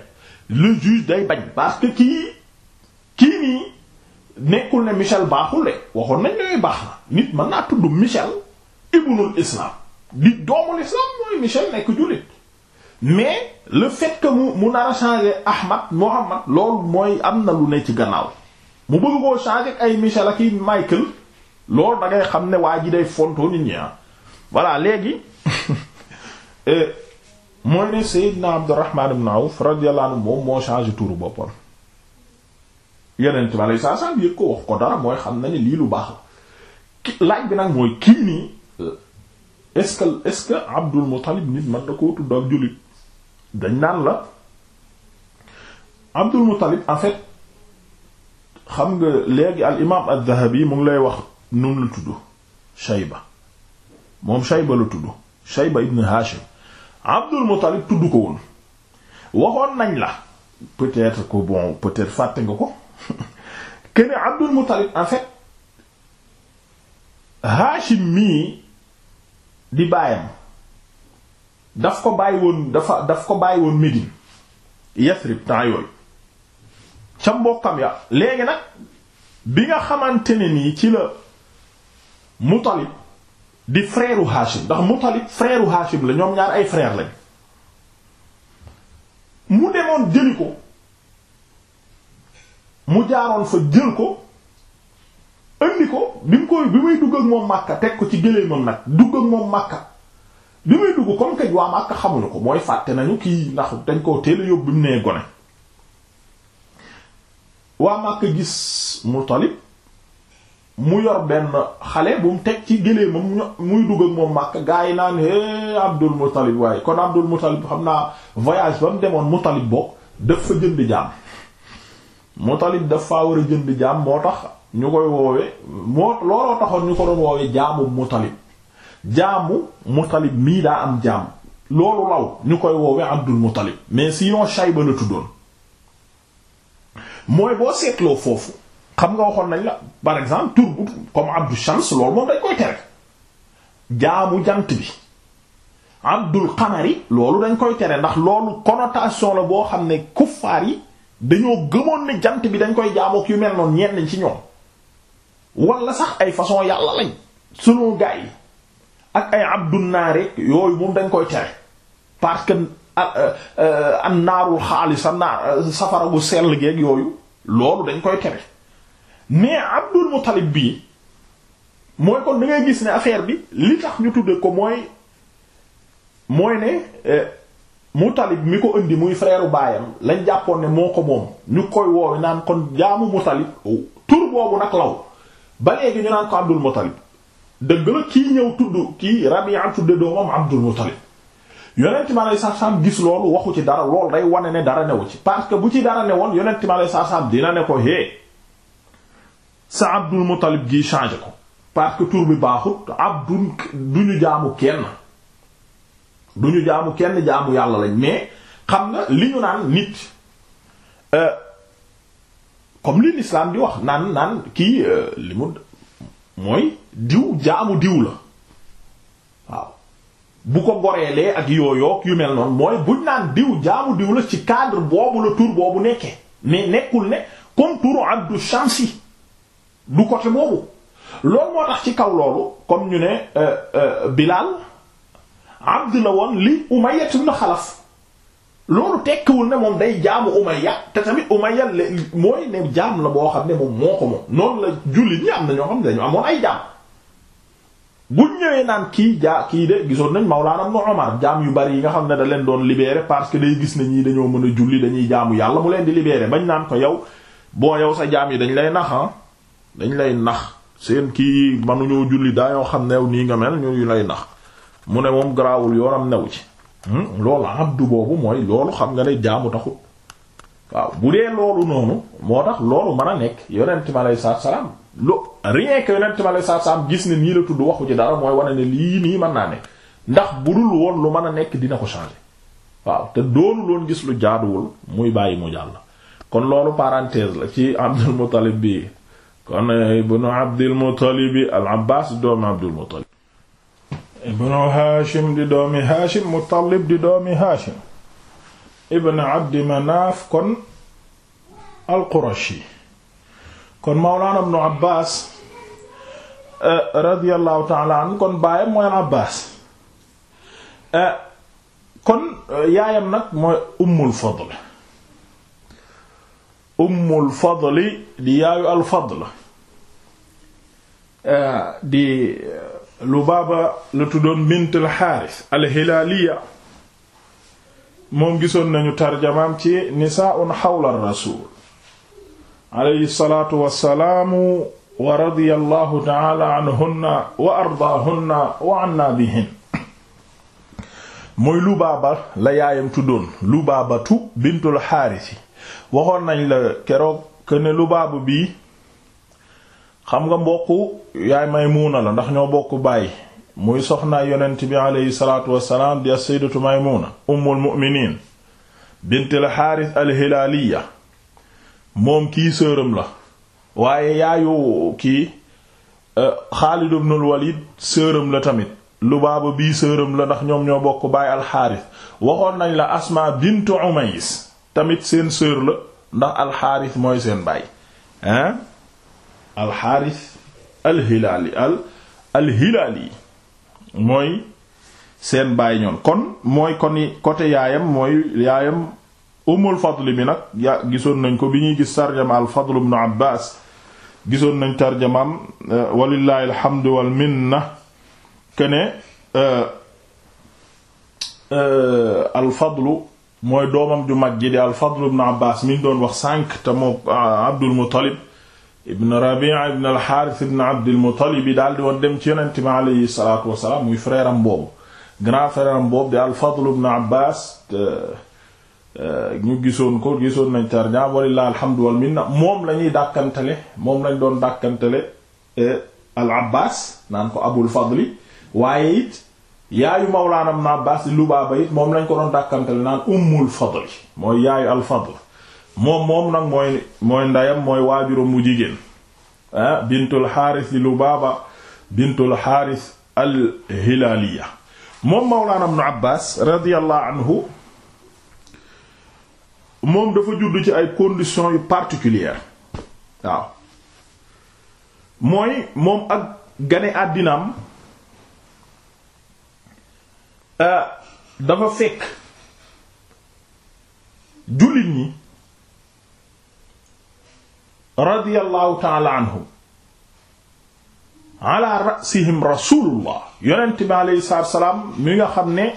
le juge day bañ parce que kii kii nii nekkul ne Michel baaxul de waxoon nañ ñooy baax na nit mën naa tudd Michel ibnul Islam. di doomu l'islam mooy Michel nekk jullit mais le fait que mu mu nar a changer Ahmad Mohammad loolu mooy am na lu ne ci gannaaw mu bëgg koo changer ay Michel ak i Michael loolu da ngay xam ne waa ji day fontoo nit ñi ah. voilà léegi euh, mooy ne Seydina Abdurrahman ibn Awf radiyallahu anhu moom moo changé tour boppam yeneen tubaab yi saa saa yëg ko wax ko dara mooy xam na ne lii lu baax laaj bi nag mooy kii nii. est-ce que est Abdul Muttalib nit man na koo tudd jullit dañ naan la Abdul Muttalib en xam nga léegi al imaam ad-Dhahabi mu ngi lay wax nun la tudd Shayba moom Shayba la tudd Shayba ibn Hashim Abdul Muttalib tudd ko woon waxoon nañ la peut-être bon peut fàtte nga ko kene Abdul Muttalib en fait mii di baayam daf ko bàyyi woon dafa daf ko bàyyi woon Médine Yathrib temps yooyu ca mbokkam ya léegi nag bi nga xamante ne nii ci la Mutalib di freeru u ndax mu frère u Hachim la ñoom ñaar ay frère lañ mu demoon jëli ko mu jaaroon fa jël ko indi ko bi mu koy bi muy dugg ak moom Makka teg ko ci gëléemam nag dugg ak moom Makka bi muy dugg comme que waa Makka xamuñu ko mooy fàtte nañu kii ndax dañ koo teel a yóbbu bi mu nee gone waa Makka gis Mutalib mu yor benn xale bu mu teg ci gëléemam muy dugg ak moom Makka gaa yi naan é Abdul Mutalib waaye kon Abdul Mutalib xam naa voyage ba mu demoon Mutalib bokk daf fa jënd jaam Mutalib daf faa war a jënd jaam moo tax ñu koy woowe moo looloo taxoon ñu ko doon woowe jaamu Mutalib jaamu Mutalib mii daa am jaam loolu law ñu koy woowe Abdul Mutalib mais sinon Shayba la tuddoon mooy boo seetloo foofu xam nga waxoon nañ la par exemple tur bu comme Abdu Shams loolu moom dañ koy tere jaamu jant bi Abdul Qamari loolu dañ koy tere ndax loolu connotation la boo xam ne kuffaar yi dañoo gëmoon ne jant bi dañ koy jaamook yu mel noonu ñenn ci ñoom wala sax ay façon yàlla lañ selon gars yi ak ay abdun naar yooyu moom dañ koy tere parce que ah, euh, an naarul xaalis a naar safara gu sell geeg yooyu loolu dañ koy tere mais abdul muttalib bii mooy kon da ngay gis ne affaire bi li tax ñu tuddee ko mooy mooy ne euh, Mutalib mi ko indi muy frère baayam lañ jàppoon ne moo ko moom ñu koy woowe naan kon jaamu Mutalib tur boobu nag law ba léegi ñu naan ko Abdul Muttalib dëgg la kii ñëw tudd kii Rabi'a tudde doomam Abdul Muttalib yonent mi alayhi salaatu salaam gis loolu waxu ci dara lool day wane ne dara newu ci parce que bu ci dara ne woon yonent mi alayhi salaatu salaam dina ne ko hé sa Abdul Muttalib gii changé ko parce que tur bi baaxut abdul du ñu jaamu kenn du ñu jaamu kenn jaamu yàlla lañ mais xam nga li ñu naan nit euh, comme li l'islam di wax naan naan kii euh, li mu mooy diw jaamu diw la waaw bu ko goreelee ak yooyoog yu mel noonu mooy buñ naan diw jaamu diw la ci cadre boobu la tur boobu nekkee mais nekkul ne comme turu Abdu Shamsi du côté boobu loolu moo tax ci kaw loolu kon ñu ne euh, euh, Bilal Abd la woon li Umayya ibn Xalaf loolu tekkiwul ne moom day jaamu Umayya te tamit Umayya la mooy ne jaam la boo xam ne moom moo ko moom noonu la jullit am na xam ne dañu amoon ay naan kii jaa kii de gisoon nañ Mawlaana Ibn Umar jaam yu bari yi nga xam ne da leen doon libéré parce gis ne ñii dañoo mën a julli dañuy jaamu yàlla mu leen di libéré bañ naan ko yow boo yow sa jaam yi dañ lay nax ah. dañ lay nax seen kii mënuñoo julli daa yoo xam ne nii nga mel ñu lay nax mu ne moom garaawul yoonam new ci. Hmm? loolu abdu boobu mooy loolu xam nga ne jaamu taxut waaw bu dee loolu noonu moo tax loolu mën a nekk yonent mi aleyhi salaatu salaam lu rien que yonent mi aleyhi salaatu salaam gis ne nii la tudd waxu ci dara mooy wane ne lii nii mën naa nekk ndax bu dul woon lu mën a nekk dina ko changer waaw te doonu lool gis lu jaaduwul muy bàyyi mu jàll kon loolu parenthèse la ci Abdul Muttalib bi kon ibnu Abdul Muttalib bi al Abbaas doomu Abdul Muttalib ibnu haashim di doomi haashim muttalib di doomi haashim ibn abdi manaaf kon alqurashi kon mawlaana ibnu abbaas eh, radiallahu taala anhu kon baayam mooy al abbaas eh, kon eh, yaayam nag mooy ummul fadl ummul fadli di yaayu al fadl di Lubaaba la tuddoon bint al-Haaris al-Hilaaliya moom gisoon nañu tarjamaam ci nisaa'un xawla rasuul alayhi salaatu wa salaamu wa radiyallahu ta'ala anhunna wa ardaahunna wa anna bihin mooy Lubaaba la yaayam tuddoon Lubaabatu bintul Haaris waxoon nañ la keroog que ne Lubaaba bi xam nga mbokk yaay Maymuna la ndax ñoo bokk baay muy soxnaay yonent bi aleyhi salaatu wassalaam di as-sayyidatu Maymuna ummul mu'miniin bint al-Haaris moom kii sëram la waaye yaayu kii euh, Xaalid ibn walid sëram la tamit lu baaba bii sëram la ndax ñoom ñoo bokk baay al-Haaris waxoon nañ la Asmaa bintu Umays tamit seen sër la ndax al-Haaris mooy seen baay alxaaris alhilaali al alhilaali mooy seen baay ñoon kon mooy kon côté yaayam mooy yaayam umul fadl bi nag gisoon nañ ko bi ñuy gis tarjama al fadl ibn abbas gisoon nañ tarjamaam eh, walillahi alhamdu wal minna kene eh, eh, al fadlu mooy doomam ju mag ji di al fadl ibn abbas mi ñu doon wax sànq te abdul muttalib ibn Rabi'a ibn al-Harith ibn Abdil yi daal di woon dem ci yonent bi aleyhi salaatu wa salaam muy frère am boobu grand frère am boobu di al-Fadl ibn Abbas euh, euh, ñu gisoon ko gisoon nañ tarjaa walillahi alhamdu wal moom lañuy ñuy dàkkantale moom lañ doon dàkkantale euh, al-Abbas naan ko Abul Fadli waaye it yaayu mawlaana ibn Abbas di Lubaaba moom lañ ko doon dàkkantale naan Ummul mooy yaayu al moom moom nag mooy mooy ndeyam mooy waajuram mu jigéen ah bintul lu Lubaaba bintu xaaris al hilaaliya moom mawlaana ibnu Abbaas radiyallahu anhu moom dafa judd ci ay conditions yu particulières waaw mooy moom ak gane àddinaam dafa fekk jullit ñi radiyallahu taala anhum ala rasihim rasulullah bi aleyhi salaatu salaam mi nga xam ne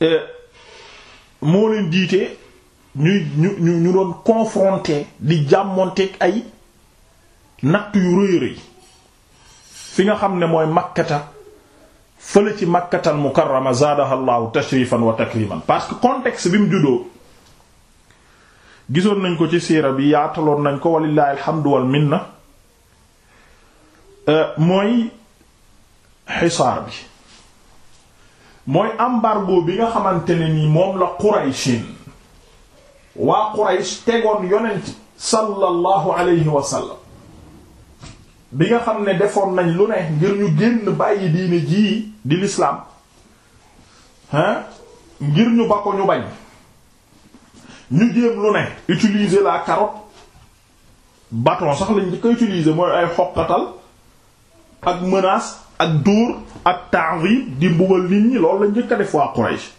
eh, moo leen jiite ñuy ñu ñu doon confronté di jàmmonteeg ay natt yu rëy rëy fi nga xam ne mooy makkata fële ci makkatal mukarrama zaadaha allahu tashrifan wa takriman parce que contexte bi mu juddoo gisoon nañ ko ci siira bi yaataloon nañ ko walillahi alhamdu wal minna euh, mooy xisaar bi mooy embargo bi nga xamante ne ni moom la qurayshin waa quraysh tegoon yonent sallallahu alayhi wa bi nga xam ne defoon nañ lu ne ngir ñu génn bàyyi diine jii di lislaam ngir ñu ba ko ñu bañ ñu jéem lu ne utiliser la carotte bâton sax lañ di ko utiliser mooy ay xoqatal ak menace ak dóor ak ta'rib di mbugal nit ñi loolu lañ njëkk a def waa Quraysh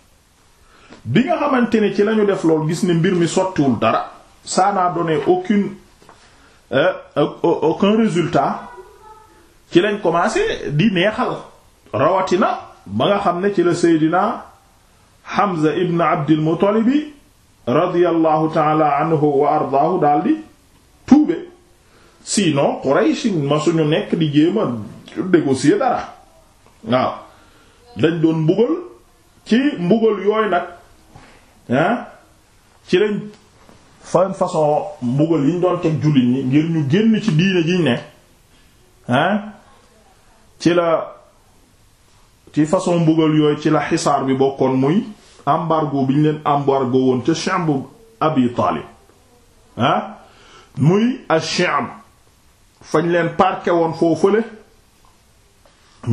bi nga xamante ne ci lañu def lool gis ni mbir mi sottiwul dara ça n'a donné aucune euh, aucun résultat ci lañ commencé di neexal rawatina ba nga xam ne ci la Seydina Hamza ibn Abdil Muttalibi radiyallahu taala anhu wa ardaahu daal di tuube sinon Quraysh ma suñu nekk di jéem a négocier dara waaw dañ doon mbugal ci mbugal yooyu nag ah ci lañ fan façon mbugal yi ñu doon teg jullit ñi ngir ñu génn ci diine ji ne ah ci la ci façon mbugal yooyu ci la xisaar bi bokkoon muy embargo bi ñu leen embargo woon ca sha'b abi taalib ah muy ash-sha'b fañ leen parke woon foofule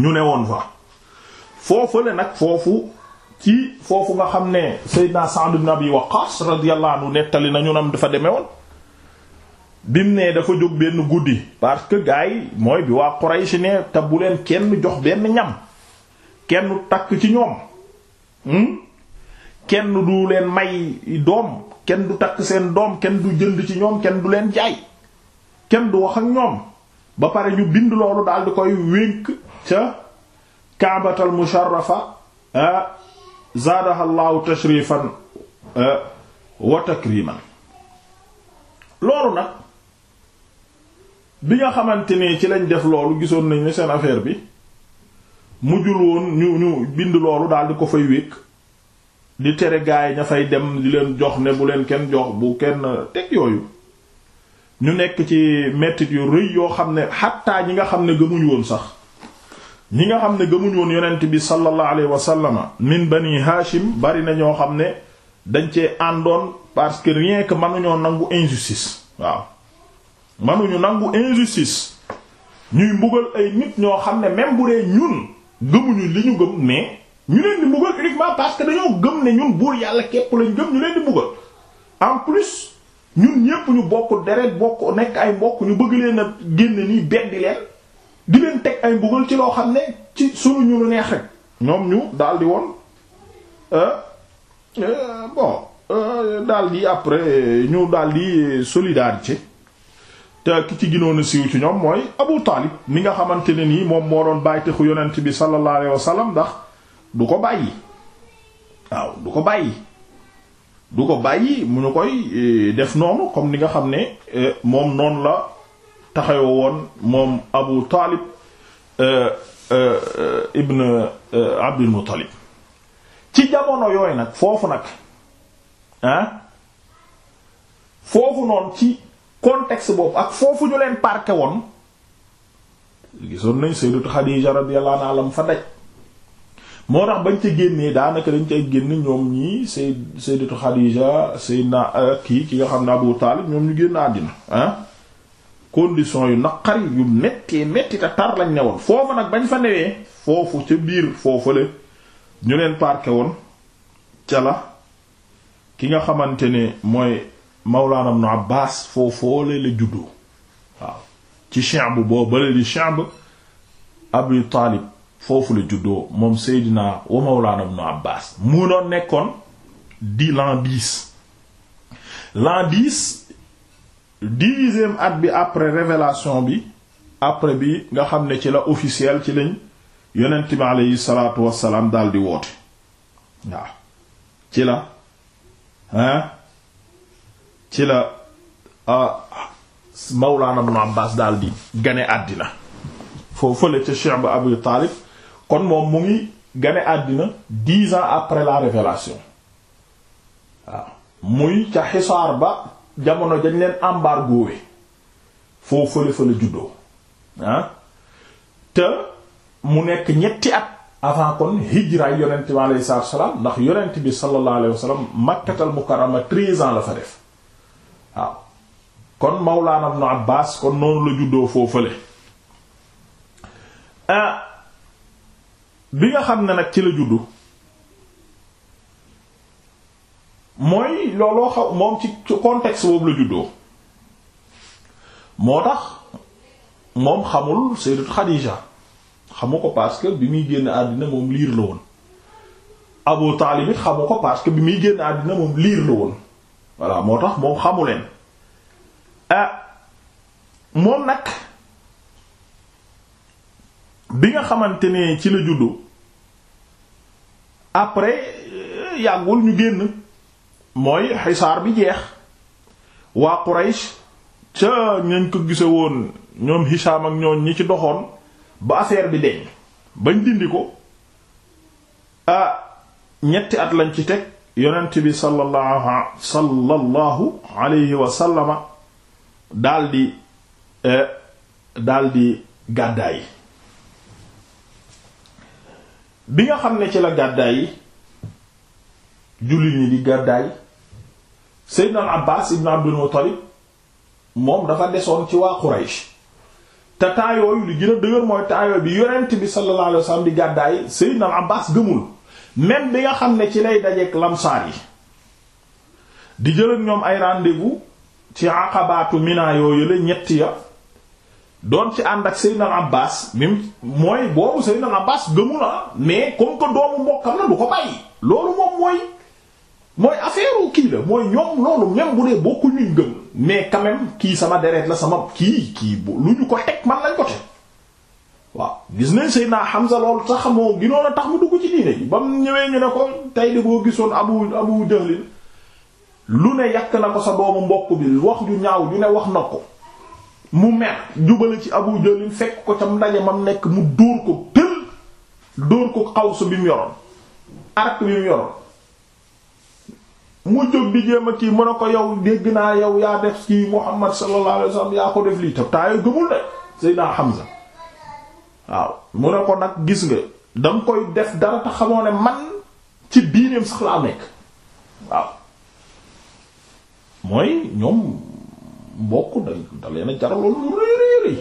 ñu ne woon fa foofule nag foofu ci foofu nga xam ne Seydina Sa'd ibn Abi Waqqas radiyallahu anhu nettali nañu nam dafa demee woon bim ne dafa jóg benn guddi parce que gars mooy bi waa Quraysh ne te bu leen kenn jox benn ñam kenn takk ci ñoom hmm? kenn du leen may doom kenn du takk seen doom kenn du jënd ci ñoom kenn du leen jaay kenn du wax ak ñoom ba pare ñu bind loolu daal di koy wénk ca kaabatal musharrafa zaadaha llahu tashrifan wa takriman loolu nag bi nga xamante ne ci lañ def loolu gisoon nañ seen affaire bi mujjul woon ñu ñu bind loolu daal ko fay wékk di tere gaay ña fay dem di leen jox ne bu leen kenn jox bu kenn teg yooyu ñu nekk ci mettit yu rëy yoo xam ne xattaa ñi nga xam ne gëmuñu woon sax ñi nga xam ne gëmuñ woon yonent bi sallallahu alayhi wa sallama min bani Hashim bari na ñoo xam ne dañ cee àndoon parce que rien que mënuñoo nangu injustice waaw mënuñu nangu injustice ñuy mbugal ay nit ñoo xam ne même bu dee ñun gëmuñu li ñu gëm mais ñu leen di mbugal uniquement parce que dañoo gëm ne ñun buur yàlla képp lañ gëm ñu leen di mbugal en plus ñun ñépp ñu bokk deret bokk nekk ay mbokk ñu bëgg leen a génn nii beddi leen di leen teg ay mbugal ci loo xam ne ci sunu ñu neex rek ñoom ñu daal di woon euh, euh, bon euh, daal di après ñu daal di solidarité te ki ci ginoonu a siiw ci ñoom mooy Abu Taalib mi nga xamante ne nii moom moo doon bàyyi texu yonent bi sallallahu alayhi wa sallam ndax. du ko bàyyi waaw du ko bàyyi du ko bàyyi mu ñu koy e, def noonu comme ni nga xam ne e, moom noonu la taxaw woon moom Abu Talib e, ibn Abdul Muttalib ci jamono yooyu nag foofu nag ah foofu noonu ci contexte boobu ak foofu ñu leen park woon gisoon nañ Sayyidatu Xadiija radiyallahu anha lam fa daj moo tax bañ ca génnee daanaka dañ ca génn ñoom ñii say sayyidatu Xadiija sayyidna euh, kii ki nga xam ne Abu Taalib ñoom ñu génn àddina ah condition yu naqari yu méttee métti tar lañ ne woon foofu nag bañ fa newee foofu ca biir foofu la ñu leen parqué woon ca la ki nga xamante ne mooy Mawlaana Ibnu Abbaas foofoo la la juddoo waaw ci Shi'b boobu bale di Shi'b Abu Taalib foofu la juddoo moom Seydina wa Mawlana Ibn Abbas mu noon nekkoon di l'an dix l'an dix dixième at bi après révélation bi après bi nga xam ne ci la officiel ci lañ yonent bi aleyhi salaatu wassalaam daal di woote waaw ci la ah ci la Mawlana Ibn Abbas daal di gane àddina foofu la ca Cheikh Abu Talib kon moom mu ngi gane àddina dix ans après la révélation waaw muy ca xisaar ba jamono jañ leen embargoé foo fële fële juddoo ah. te mu nekk ñetti at avant kon hijraay yonent bi aleyhi salaatu wasalaam ndax yonent bi sallallahu alayhi wasallam makkatal mukarrama treize ans la fa def waaw kon mawlaana ibnu Abbaas kon noonu la juddoo foo fële ah. bi nga xam ne nag ci la juddu mooy looloo xaw moom ci contexte boobu la juddoo moo tax moom xamul Sayyidatu Xadiija xamu ko parce bi muy génn àddina moom liir la woon Abu bi muy génn àddina moom liir la woon voilà moo tax moom xamu leen ah moom nag bi nga xamante ne ci la juddu après euh, yàggul ñu génn mooy xisaar bi jeex waa Quraysh ca ñañ ko gise woon ñoom Hisham ak ñoon ñi ci doxoon ba affaire bi deñ bañ dindi ko ñetti at lañ ci teg yonent bi sallallahu sallallahu alayhi wa sallama daldi euh, daldi gàddaay bi nga xam ne ci la gàddaay yi jullit ñi di gàddaay Seydina Abbaas ibn Abdul Muttalib moom dafa desoon ci waa Quraysh te taayooyu li gën a dëgër mooy taayoo bi yonent bi sallallahu alayhi di gàddaay Seydina al Abbaas gëmul même bi nga xam ne ci lay dajeek lamsaar yi di jël ñoom ay rendez ci aqabaatu Mina yooyu la ñetti ya doon ci ànd ak Seydina Abbas mim mooy boobu Seydina Abbas gëmu na mais comme que doomu mbokkam la du ko bàyyi loolu moom mooy mooy affaire kii la mooy ñoom loolu même bu dee bokku ñu gëm mais quand kii sama deret la sama kii kii lu ñu ko teg man lañ ko teg waaw gis nañ Seydina Hamza loolu sax moo ginoon a tax mu dugg ci diine ji ba mu ñëwee ñu ne ko tey di boo gisoon Abu Abu Jahl lu ne yàq na ko sa doomu mbokk bi wax ju ñaaw ju ne wax na ko mu mer jubale ci Abu Jahl fekk ko ca ndaje mam nekk mu dóor ko tël dóor ko xawsu bi mu yoroon arc bi mu yoroon mu jóg di jéem a kii mën a ko yow dégg naa yow yaa def ci Muhammad sallallahu alayhi wasallam yaa ko def lii tam taa yoo gëmul de Seydina Hamza waaw mu ne ko nag gis nga danga koy def dara te xamoo ne man ci biireem sax laa nekk waaw mooy ñoom bokk da da leen a jaraloon lu rëy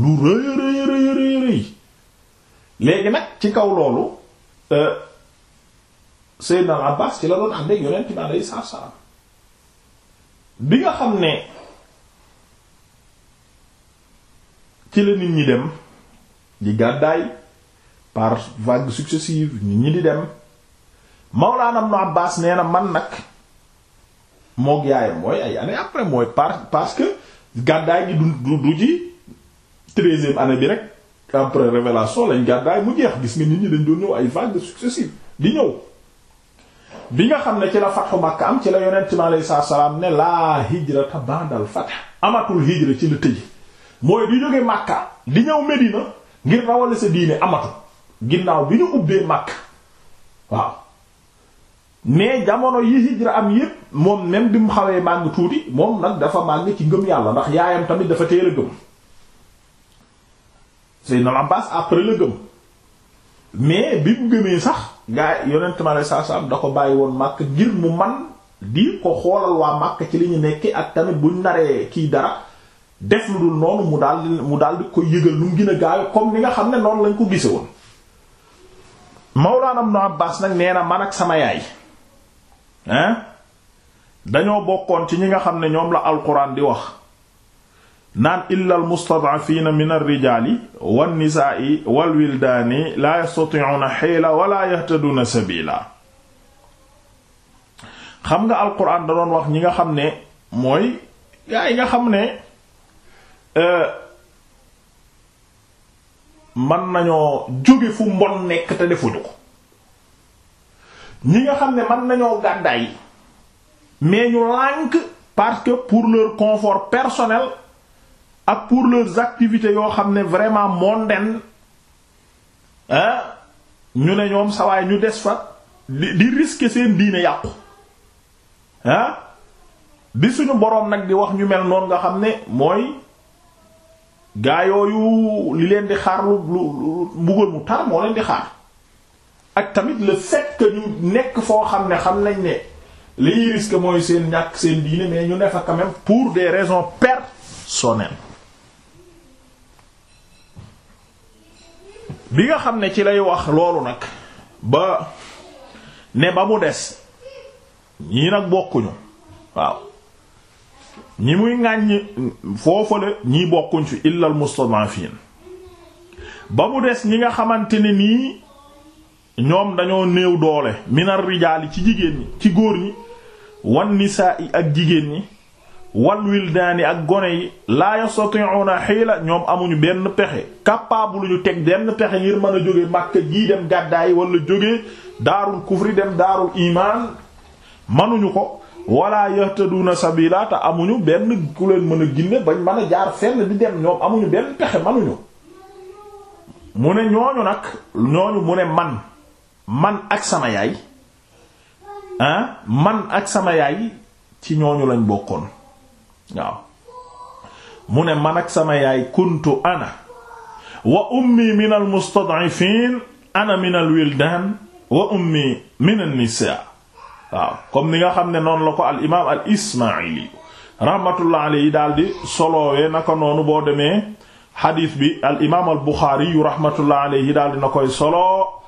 lu rëy rëy rëy rëy léegi nag ci kaw loolu euh, Seydina Abbas ci la doon ànd ak yonent bi alayhi salaam bi nga xam ne ci la nit ñi dem di gàddaay par vagues successives nit ñi di dem Mawlaana Ibn Abbas nee na man nag moog yaayam mooy ay année après mooy par parce que gàddaay gi du du ji treizième année bi rek après révélation lañ gàddaay mu jeex gis nga nit ñi dañ doon ñëw ay vagues successives di ñëw bi nga xam ne ci la fatxu Makka am ci la yonent mi alayhi salaam ne laa hijrata ba'dal fath amatul hijra ci la tëj mooy di jóge Makka di ñëw Medina ngir rawale sa diine amatul ginnaaw bi ñu ubbee Makka waaw mais jamono yi hijra am yépp moom même bi mu xawee màgg tuuti moom nag dafa màgg ci ngëm yàlla ndax yaayam tamit dafa teel a gëm Seydina Abbas après la gëm mais bi mu gëmee sax gaa yi yonent ma lay saa da ko bàyyi woon màkk ngir mu man di ko xoolal waa màkk ci li ñu nekk ak tamit buñ naree kii dara def lu dul noonu mu daal mu daal di ko yëgal lu mu gën a gaaw comme ni nga xam ne noonu lañ ko gise woon Mawlaana Ibn Abbas nag nee na man ak sama yaay. dañoo bokkoon ci ñi nga xam ne ñoom la alquran di wax naan illa al mustad'afina min ar-rijaali wan nisaa'i wal wildaani laa yastati'una hiila wala yahtaduna sabila xam nga alquran da doon wax ñi nga xam ne mooy gaa yi nga xam ne euh, mën nañoo jóge fu mbon nekk te defuñu ko ñi nga xam ne mën nañoo gàddaay mais ñu lànk parce que pour leur confort personnel ak pour leurs activités yoo xam ne vraiment mondaines ah ñu ne ñoom sawaay ñu des fa di di risquer seen diine yàqu ah bi suñu boroom nag di wax ñu mel noonu nga xam ne mooy gaa yooyu li leen di xaar lu lu mbugal mu tar moo leen di xaar. ak tamit la fait que nekk foo xam ne xam nañ ne li ñuy risque mooy seen ñàkk seen diine mais ñu ne fa quand pour des raisons personnelles bi nga xam ne ci lay wax loolu nag ba ne ba mu des ñii nag bokkuñu waaw ñi muy ŋàññ foofale ñii bokkuñ fi illal mustad'afin ba mu des ñi nga xamante ne nii ñoom dañoo néew doole minar rijaali ci jigéen ñi ci góor ñi wan nisaa yi ak jigéen ñi wal wildaani ak gone yi laa yastati'una hiila ñoom amuñu benn pexe capable ñu teg denn pexe ngir mën a jóge Makka gii dem gàddaay wala jóge daaru kufri dem daaru imaan manuñu ko wala yahtaduuna sabiila te amuñu benn ku leen mën a ginne bañ mën a jaar fenn di dem ñoom amuñu benn pexe manuñu mu ne ñooñu nag ñooñu mu ne man man ak sama yaay man ak sama yaay ci ñooñu lañ bokkoon waaw mu ne man ak sama yaay kuntu ana wa ummi min al mustad'ifin ana min al wildan wa ummi min an nisa waaw comme ni nga xam ne noonu la ko al imaam al ismaili rahmatullah alayhi daal di solowee naka noonu boo demee xadiis bi al imaam al buxaari yu rahmatullah alayhi daal di na koy solo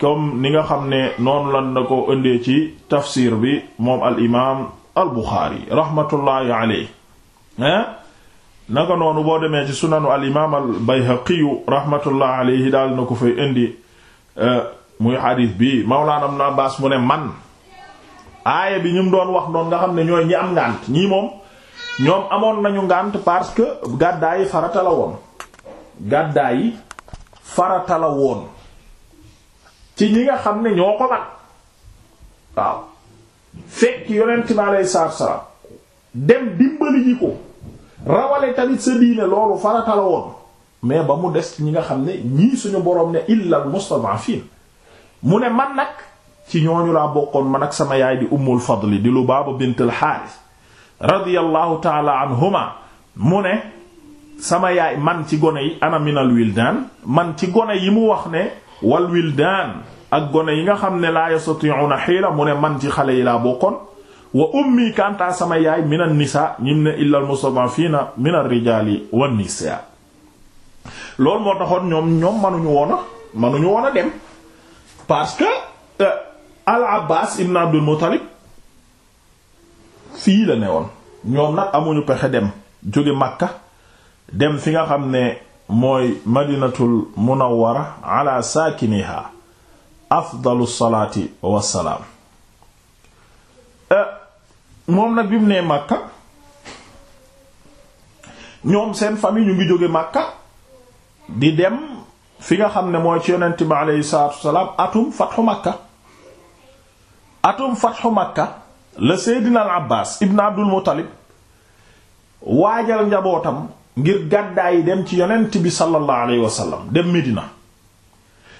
comme ni nga xam ne noonu lan na ko ëndee ci tafsir bi moom al imaam al buxaari rahmatullahi alayhi naka noonu boo demee ci sunanu al imaam al bayhaqiyu rahmatullahi alayhi daal na ko fay indi euh, muy xadiis bi mawlaana ibn abbaas mu ne man aaya bi ñum doon wax noonu nga xam ne ñooy ñi am ngànt ñii moom ñoom amoon nañu ngànt parce que gàddaay farata woon gàddaay farata woon ci ñi nga xam ne ñoo ko man waaw fekk yonent bi aleyhi salaatu salaam dem dimbali ji ko rawale tamit sa diine loolu farata la woon mais ba mu des ci ñi nga xam ne ñii suñu boroom ne illal fii mu ne man nag ci ñooñu laa bokkoon man ak sama yaay di ummul fadli di lu Lubaaba bint al-Haaris radiyallahu taala anhuma mu ne sama yaay man ci gone yi ana minal wildaan man ci gone yi mu wax ne wal wildaan ak gone yi nga xam ne laa yastati'una hiila mu ne man ci xale yi laa bokkoon wa ummi kantaa sama yaay min an nisa ñim ne illa al mustad'afina min ar rijaali wa nisa loolu moo taxoon ñoom ñoom manuñu woon a manuñu woon dem parce que euh, al abbas ibn abdul muttalib fii la ne woon ñoom nag amuñu pexe dem jóge makka dem fi nga xam ne mooy madinatul munawwara ala saakiniha afdalu salaati wassalaam eh, moom nag bi mu nee ñoom seen famille ñu ngi jóge màkka di dem fi nga xam ne mooy ci yonent bi aleyhi salaatu wassalaam atum fatxu màkka atum fatxu màkka la seydina abbaas ibn abdul muttalib waajal njabootam ngir gàddaay dem ci yonent bi sallallahu alayhi wa sallam dem Medina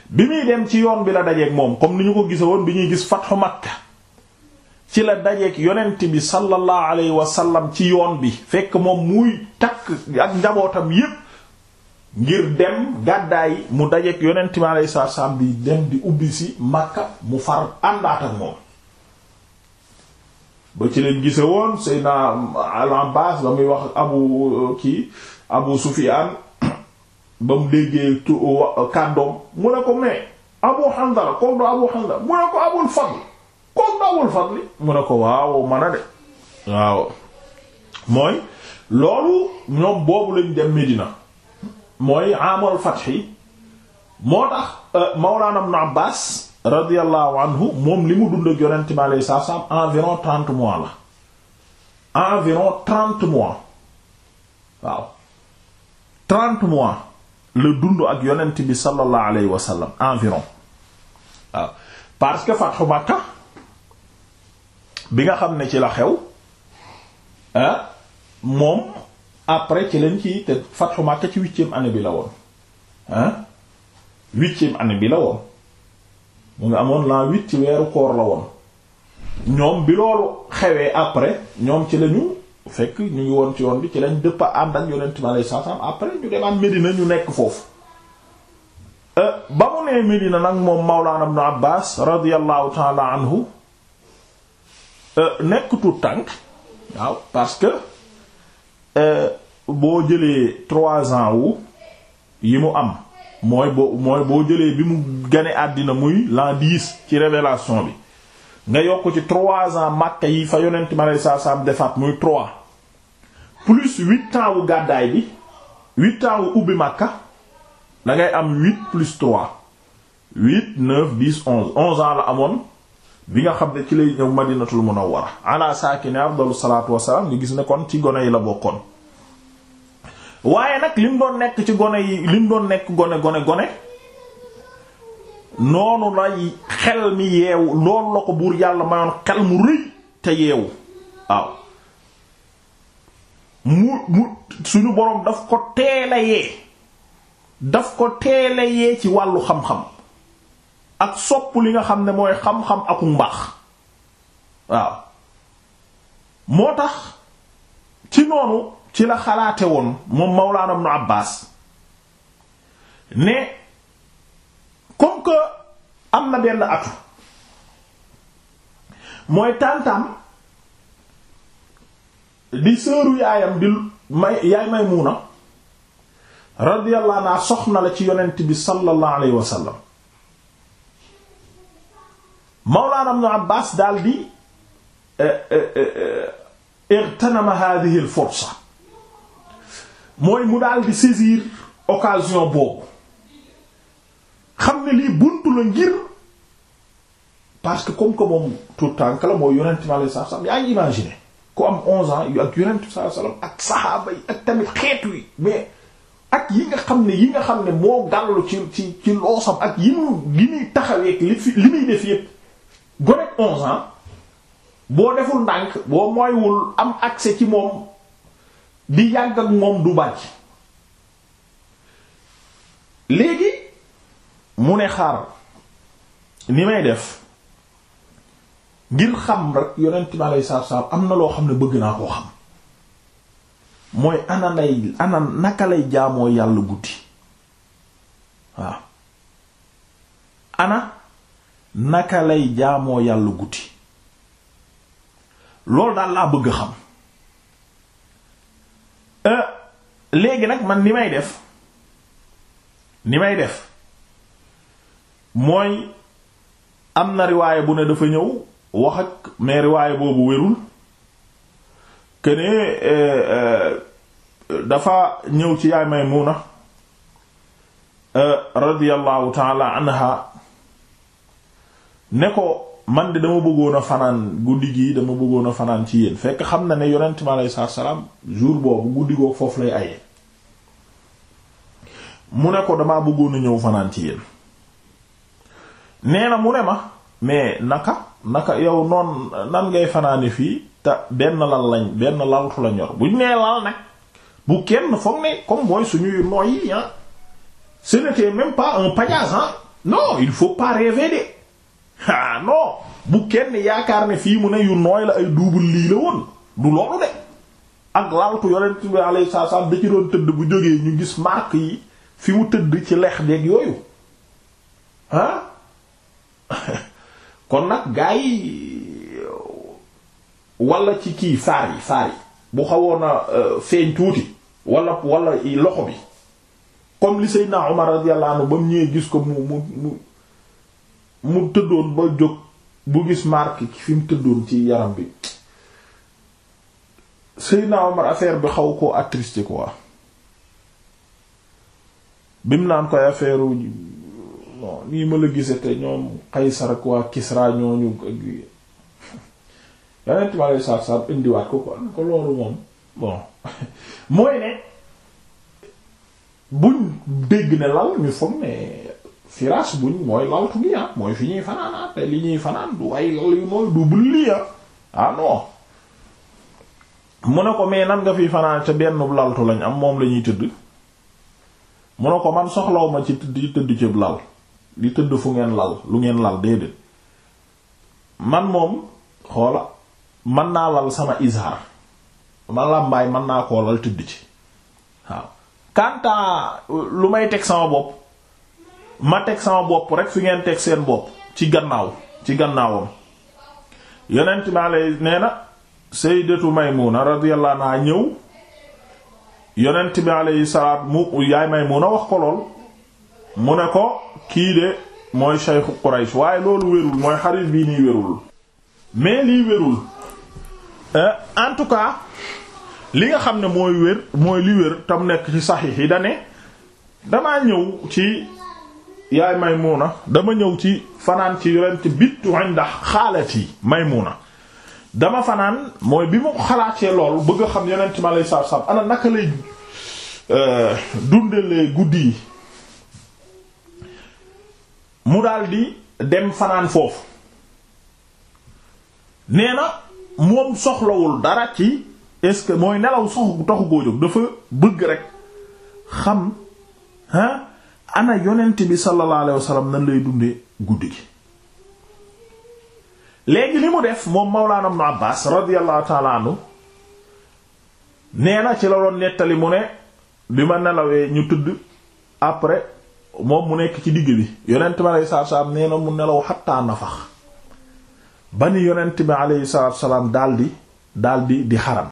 bi muy dem ci yoon bi la dajeeg moom comme ni ñu ko gise woon bi ñuy gis fatxu Makka ci la dajeeg yonent bi sallallahu alayhi wa sallam ci yoon bi fekk moom muy takk ak njabootam yépp ngir dem gàddaay mu dajeeg yonent bi alayhi salaam bi dem di ubbi si Makka mu far àndaat ak moom ba ci lañ gise woon Seydina al-Abbas ba muy wax abu kii abu Sufyaan ba mu déggee tu kàddoom mu ne ko mais abu Handala koog abu Handala mu ne ko abul Fadl koog abul Fadl mu ne ko waaw man de waaw mooy loolu ñoom boobu lañ dem Medina mooy amal fathi moo tax euh, Mawlaana Ibn Abbaas radiyallahu anhu moom li mu dund ak yonent bi alayhi salaam environ trente mois la environ trente mois waaw trente mois la dund ak yonent bi sallallahu alayhi wa sallam environ waaw parce que fathu Makka bi nga xam ne ci la xew ah, moom après ci lañ ci te fathu Makka ci huitième année bi la woon ah huitième bi la woon mu ngi amoon l'an huit ci weeru koor la woon ñoom bi loolu xewee après ñoom ci lañu fekk ñu ngi woon ci yoon bi ci lañ dëpp ànd ak yonent mi alayhi salaam après ñu demaan nekk foofu euh, ba mu nee Medina nag moom Mawlana Ibn Abbas radiyallahu ta'ala anhu euh, nekk tout tànk waaw parce que euh, boo jëlee trois ans wu yi mu am mooy boo mooy boo jëlee bi mu gane àddina muy l'an dix ci révélation bi nga yokk ci trois ans Makka yi fa yonent ma lay saa saam defaat muy trois plus huit ans wu gàddaay bi huit tant wu ubbi Makka dangay am huit plus trois huit neuf dix onze onze ans la amoon bi nga xam ne ci lay ñëw Madinatul Munawwara ala saakini afdalu salaatu wassalaam nga gis ne kon ci gone yi la bokkoon. waaye nag lim doon nekk ci gone yi lim doon nekk gone gone gone noonu lay xel mi yeewu loolu la ko buur yàlla mayoon xel mu rëy te yeewu waaw mu mu suñu boroom daf ko teela yee daf ko teela yee ci wàllu xam-xam ak sopp li nga xam ne mooy xam-xam aku mbaax waaw moo tax ci noonu ci la xalaate woon moom Mawlaana Ibnu Abbaas ne comme que am na benn atu mooy tàntam di sëru yaayam di may yaay Maymuna radiyallahu anha soxna la ci yonent bi sallallahu alayhi wa sallam Mawlaana Ibnu Abbaas daldi eh, eh, eh, igtanama haadihi al-fursa mooy mu daal di saisir occasion boobu xam ne lii buntu la ngir parce que comme que moom tout temps que la mooy yonent mi alayhi salaatu salaam yaa ngi imaginer ku am 11 ans yu ak yonent bi ak saxaaba yi ak tamit xeetu yi mais yi nga xam ne yi nga xam ne moo gàllu ci ci ci ak yi mu muy taxawee li fi muy def yépp gone 11 ans boo deful ndànk boo mooywul am accès ci moom. di yàgg ak moom du bàcc léegi mu ne xaar ni may def ngir xam rek yonent mi aleyhi salaatu salaam am na loo xam ne bëgg naa koo xam mooy lay ana naka lay jaamoo yàlla guddi waaw ana naka lay jaamoo yàlla guddi loolu daal laa bëgg xam Euh, léegi nag man li may def li may def mooy am na riwaaya bu ne dafa ñëw wax ak mais riwaaya boobu wérul que euh, euh, dafa ñëw ci yaay Maymuna radiyallahu taala anha ne ko man de dama bëggoon a fanaan guddi gii dama bëggoon a fanaan ci yéen fekk xam na ne yonent mi alayhi salaatu salaam jour boobu guddi googu foofu lay aye mu ne ko damaa bëggoon a ñëw fanaan ci yéen nee na mu ne ma mais naka naka yow noon nan ngay fanaani fii te benn lal lañ benn laltu la ñor buñ nee lal nag bu kenn foog ne comme mooy suñuy noyyi ah ce n'était même pas un paillage il faut pas rêver de ah bu kenn yaakaar ne fii mu ne yu nooy la ay duubul lii la woon du loolu de ak laltu yonent bi alayhi salaam da ci doon tëdd bu jógee ñu gis marque yi fi mu tëdd ci lex deeg yooyu ah kon nag gaa yi wala ci kii faar yi faar yi bu xawoon a euh, feeñ tuuti wala wala loxo bi comme li Seydina Umar radiyallahu anhu ba mu ñëwee gis ko mu mu mu mu tëddoon ba jóg bu gis marque ci tëddoon ci yaram bi Seydina Omar affaire bi xaw koo attristé quoi bi mu naan koy affaire nii ma la gisee te ñoom Qaysar ak waa Kisra ñooñu yeneen tubaab yi saab saab indiwaat ko ko ko loolu moom bon mooy ne buñ dégg ne lal ñu foog ne firaas buñ mooy laltu gi ah mooy fi ñuy fanaan ah, te li ñuy fanaan du ay lal yu mooy du bulli ah ah mu ne ko mais nan nga fi fanaan ca benn laltu lañu am moom lañuy ñuy tëdd mu ne ko man soxlaw ma ci tëdd ci tëdd lal li tëdd fu ngeen lal lu ngeen lal déedéet man moom xoola man naa lal sama izar man la mbaay man naa koo lal tëdd ci waaw kanta lu may teg sama bopp ma teg sama bopp rek fi ngeen teg seen bopp ci gannaaw ci gannaawam yonent bi alay nee na sayyidatu maymuna radiyallahu anha ñëw yonent bi aleyhi salaat mu yaay maymuna wax ko lool mu ne ko kii de mooy shaykhu quraysh waaye loolu wérul mooy xarit bii nii wérul mais lii wérul euh, en tout cas li nga xam ne mooy wér mooy li wér tam nekk ci saxiix yi dane damaa ñëw ci yaay Maymuna dama ñëw ci fanaan ci yonent bittu inda xaalati Maymuna dama fanaan mooy bi mu xalaatee lool bëgg a xam yonent ma lay saab saab ana naka lay euh, dundalee guddi yi mu daldi dem fanaan foofu nee na moom soxlawul dara ci est-ce que mooy nelaw sox taxu koo jóg dafa bëgg rekk xam ana yonent bi sallallahu alayhi wasallam nan lay dundee guddi gi léegi li mu def moom mawlaana ibn Abbaas radiyallahu ta'ala anhu nee na ci la doon nettali mu ne bi ma nelawee ñu tudd après moom mu nekk ci digg bi yonent bi alayhi salaatu salaam nee na mu nelaw xattaa nafax ba ni yonent bi alayhi salaatu salaam daldi daldi di xaram